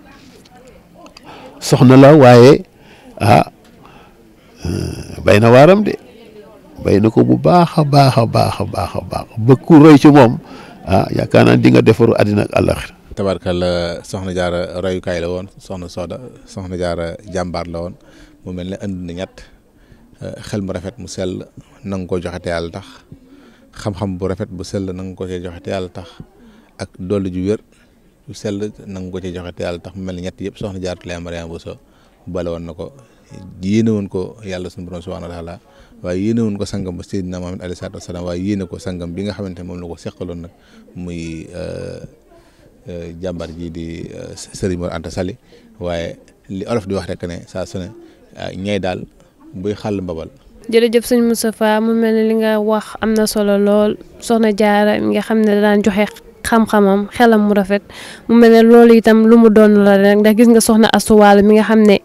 soxna la waaye ah euh, bay na waaram de bay na ko bu baax a baax a baax a baax a baax ku roy ci moom ah yaakaar naa di defaru àddina ak àllaxira soxna jaara royukaay la woon soxna Soda soxna jaara jàmbaar la woon mu mel ne andi na ñett xel mu rafet mu sell na nga ko joxete yàlla tax xam-xam bu rafet bu sell na nga ko cee joxe te yàlla tax ak dolli ju wér bu sell na nga ko cee joxe te yàlla tax mu mel ni ñett yëpp soxna jaaratu lay Mariama Bousso bale woon na ko yéene woon ko yàlla suñu borom subhanahu wa taala waaye yéene woon ko sangam ba Seydina Muhammad alayhi salaatu wasalaam waaye yéene ko sangam bi nga xamante ne moom la ko seqaloon nag muy euh, euh, jàmbar ji di euh, Serigne Mor Sali waaye li olof di wax rek ne saa su ah, ñay daal buy xàll mbabal. jërëjëf sëñ Moustapha mu mel ne li nga wax am na solo lool soxna jaara mi nga xam ne daan joxe xam xelam mu rafet mu mel ne loolu itam lu mu doon la rek gis nga soxna astuwaal mi nga xam ne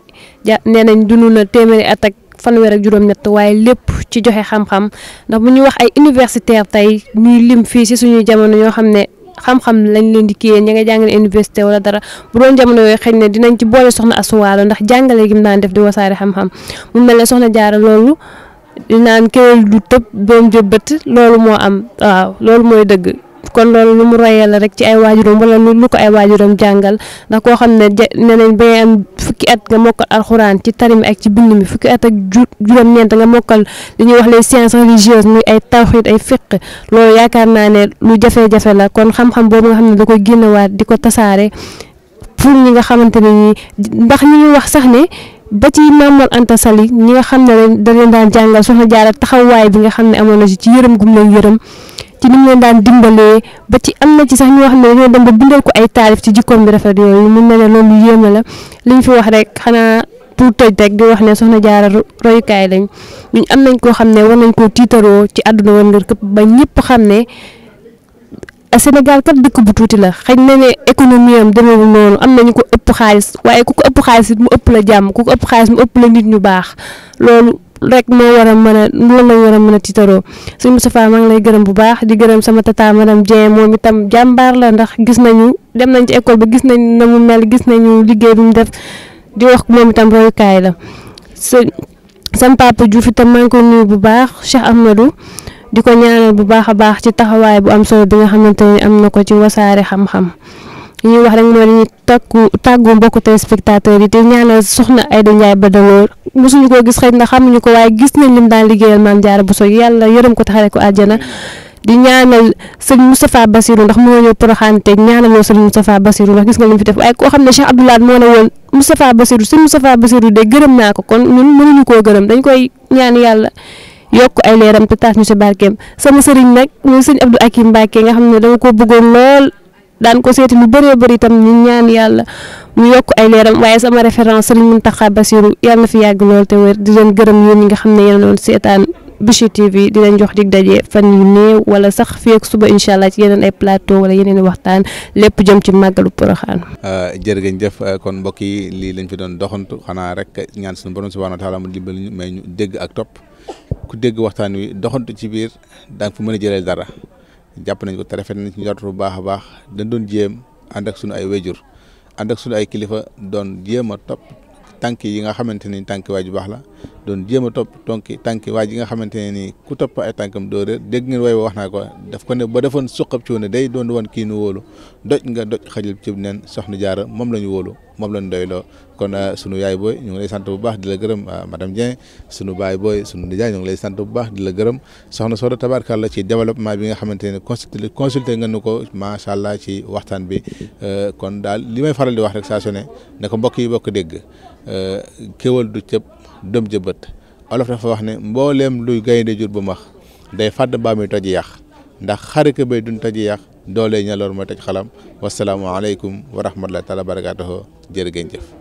ja nee nañ dund na téeméeri at ak fanweer ak juróom-ñett waaye lépp ci joxe xam-xam ndax bu ñuy wax ay universitaire tey ñuy lim fii si suñuy jamono ñoo xam ne xam-xam lañ leen di kiyee ñi nga jàngale université wala dara bu doon jamono yooyu xëy ne dinañ ci boole soxna asuwaalo ndax jàngale gi mu daan def di wasaare xam-xam mu mel ne soxna jaara loolu di naan kéwél du tëb doom ja loolu moo am waaw loolu mooy dëgg kon loolu lu mu royee la rek ci ay waajuram wala lu ko ay waajuram jàngal ndax koo xam ne ne nañ ba am fukki at nga mokkal alxuraan ci tarimi ak ci bind mi fukki at ak juróom-ñeent nga mokkal li ñuy wax les sciences religieuses muy ay tawxiid ay fiq loolu yaakaar naa ne lu jafe-jafe la kon xam-xam boobu xam ne da koy génnewaat di ko tasaare pour ñi wax sax ne ba ci Mamour Anta ñi nga xam ne da leen daan jàngal soxna Jaara taxawaay bi nga xam ne amoon na si ci yërëm gum leen yërëm ci ni mu leen daan dimbalee ba ci am na ci sax ñoo xam ne dañoo dem ba bindal ko ay taalif ci jikkoom bi rafet yooyu mu mel ne loolu yéeme la liñ fi wax rek xanaa pour toj teg di wax ne soxna Jaara royukaay lañ ñun am nañ koo xam ne war nañ koo tiitaroo ci àdduna woon ngir këpp ba ñëpp xam ne. a Sénégal kat dëkk bu tuuti la xëy na ne économie am demeewul noonu am nañu ko ëpp xaalis waaye ku ko ëpp xaalis it mu ëpp la jàmm ku ko ëpp xaalis mu ëpp la nit ñu baax loolu rek moo war a mën a loolu mën a tiitaroo sëñ Moustapha maa ngi lay gërëm bu baax di gërëm sama tata madame Dieng moom itam jàmbaar la ndax gis nañu dem nañ ci école ba gis nañ na mel gis nañu liggéey bi mu def di wax moom itam royukaay la sëñ sam papa Diouf itam maa ko nuyu bu baax Cheikh Amadou di ko ñaanal bu baax a baax ci taxawaay bu am solo bi nga xamante ne am na ko ci wasaare xam-xam li wax rek mooy dañuy takku tàggu mbokku téléspectateurs yi te ñaanal soxna Aida Ndiaye Badalor mosuñu ko gis xëy na xamuñu ko waaye gis nañ lim daan liggéeyal maam Jaara Bousso yàlla yërëm ko taxale ko àjjana di ñaanal sëñ Moustapha Bassirou ndax mënoo ñëw Porokhane teg ñaanaloo sëñ Moustapha Bassirou ndax gis nga li mu fi def waaye xam ne Cheikh Abdoulaye moo ne woon Moustapha de gërëm naa ko kon ñun mënuñu koo gërëm dañ koy ñaan yàlla yokk ay leeram te taas ñu si barkeem sama sëriñ nag muy sëñ Abdou Akim Mbacke nga xam ne dama ko bëggoon lool daan ko seeti lu bëree bëri itam ñu ñaan yàlla mu yokk ay leeram waaye sama référence sëriñ Mountakha Bassirou yàlla na fi yàgg lool te wér di leen gërëm yéen ñi nga xam ne yéen doon seetaan Bichri TV di leen jox dig daje fan yu néew wala sax fii ak suba incha ci yeneen ay plateau wala yeneen waxtaan lépp jëm ci màggalu Poroxaan. Euh, jërëjëf euh, kon mbokk yi lii lañ fi doon doxantu xanaa rek ñaan suñu borom subhaanahu wa taala mu dimbali ñu may ñu dégg ak topp ku dégg waxtaan wi doxantu ci biir da nga mën a jëlee dara jàpp nañ ko te rafet nañ ci njort bu baax a baax dañ doon jéem ànd ak sunu ay wéjur ànd ak sunu ay kilifa doon jéem a topp tànk yi nga xamante ni tànk waay ju baax la doon jéem a topp tonki tànk waay yi nga xamante ne ni ku topp ay tànkam doo réer dégg ngeen way wax naa ko def ko ne ba defoon suqab ci woon day doon woon kii nu wóolu doj nga doj xajal cib neen soxna jaaro moom la ñu wóolu moom lañ doy loo kon euh, sunu yaay booy ñu ngi lay sant bu baax di la gërëm euh, madame Dieng sunu baay booy sunu nijaay ñu ngi lay sant bu baax di la gërëm soxna Soda la ci développement bi nga xamante ne consulté consulté nga nu ko macha allah ci waxtaan bi euh, kon daal li may faral di wax rek saa su ne ne ko mbokk yi bokk dégg kéwal du cëb dëm jëbët olof dafa wax ne mbooleem luy gaynde jur bu max day fàdd baa muy toj yàq ndax xarika bay duñ taji yàq doole ñaloor ma tëj xalam wasalaamualeykum wa rahmatullahi taala barakaatuhu jërë ngeen jëf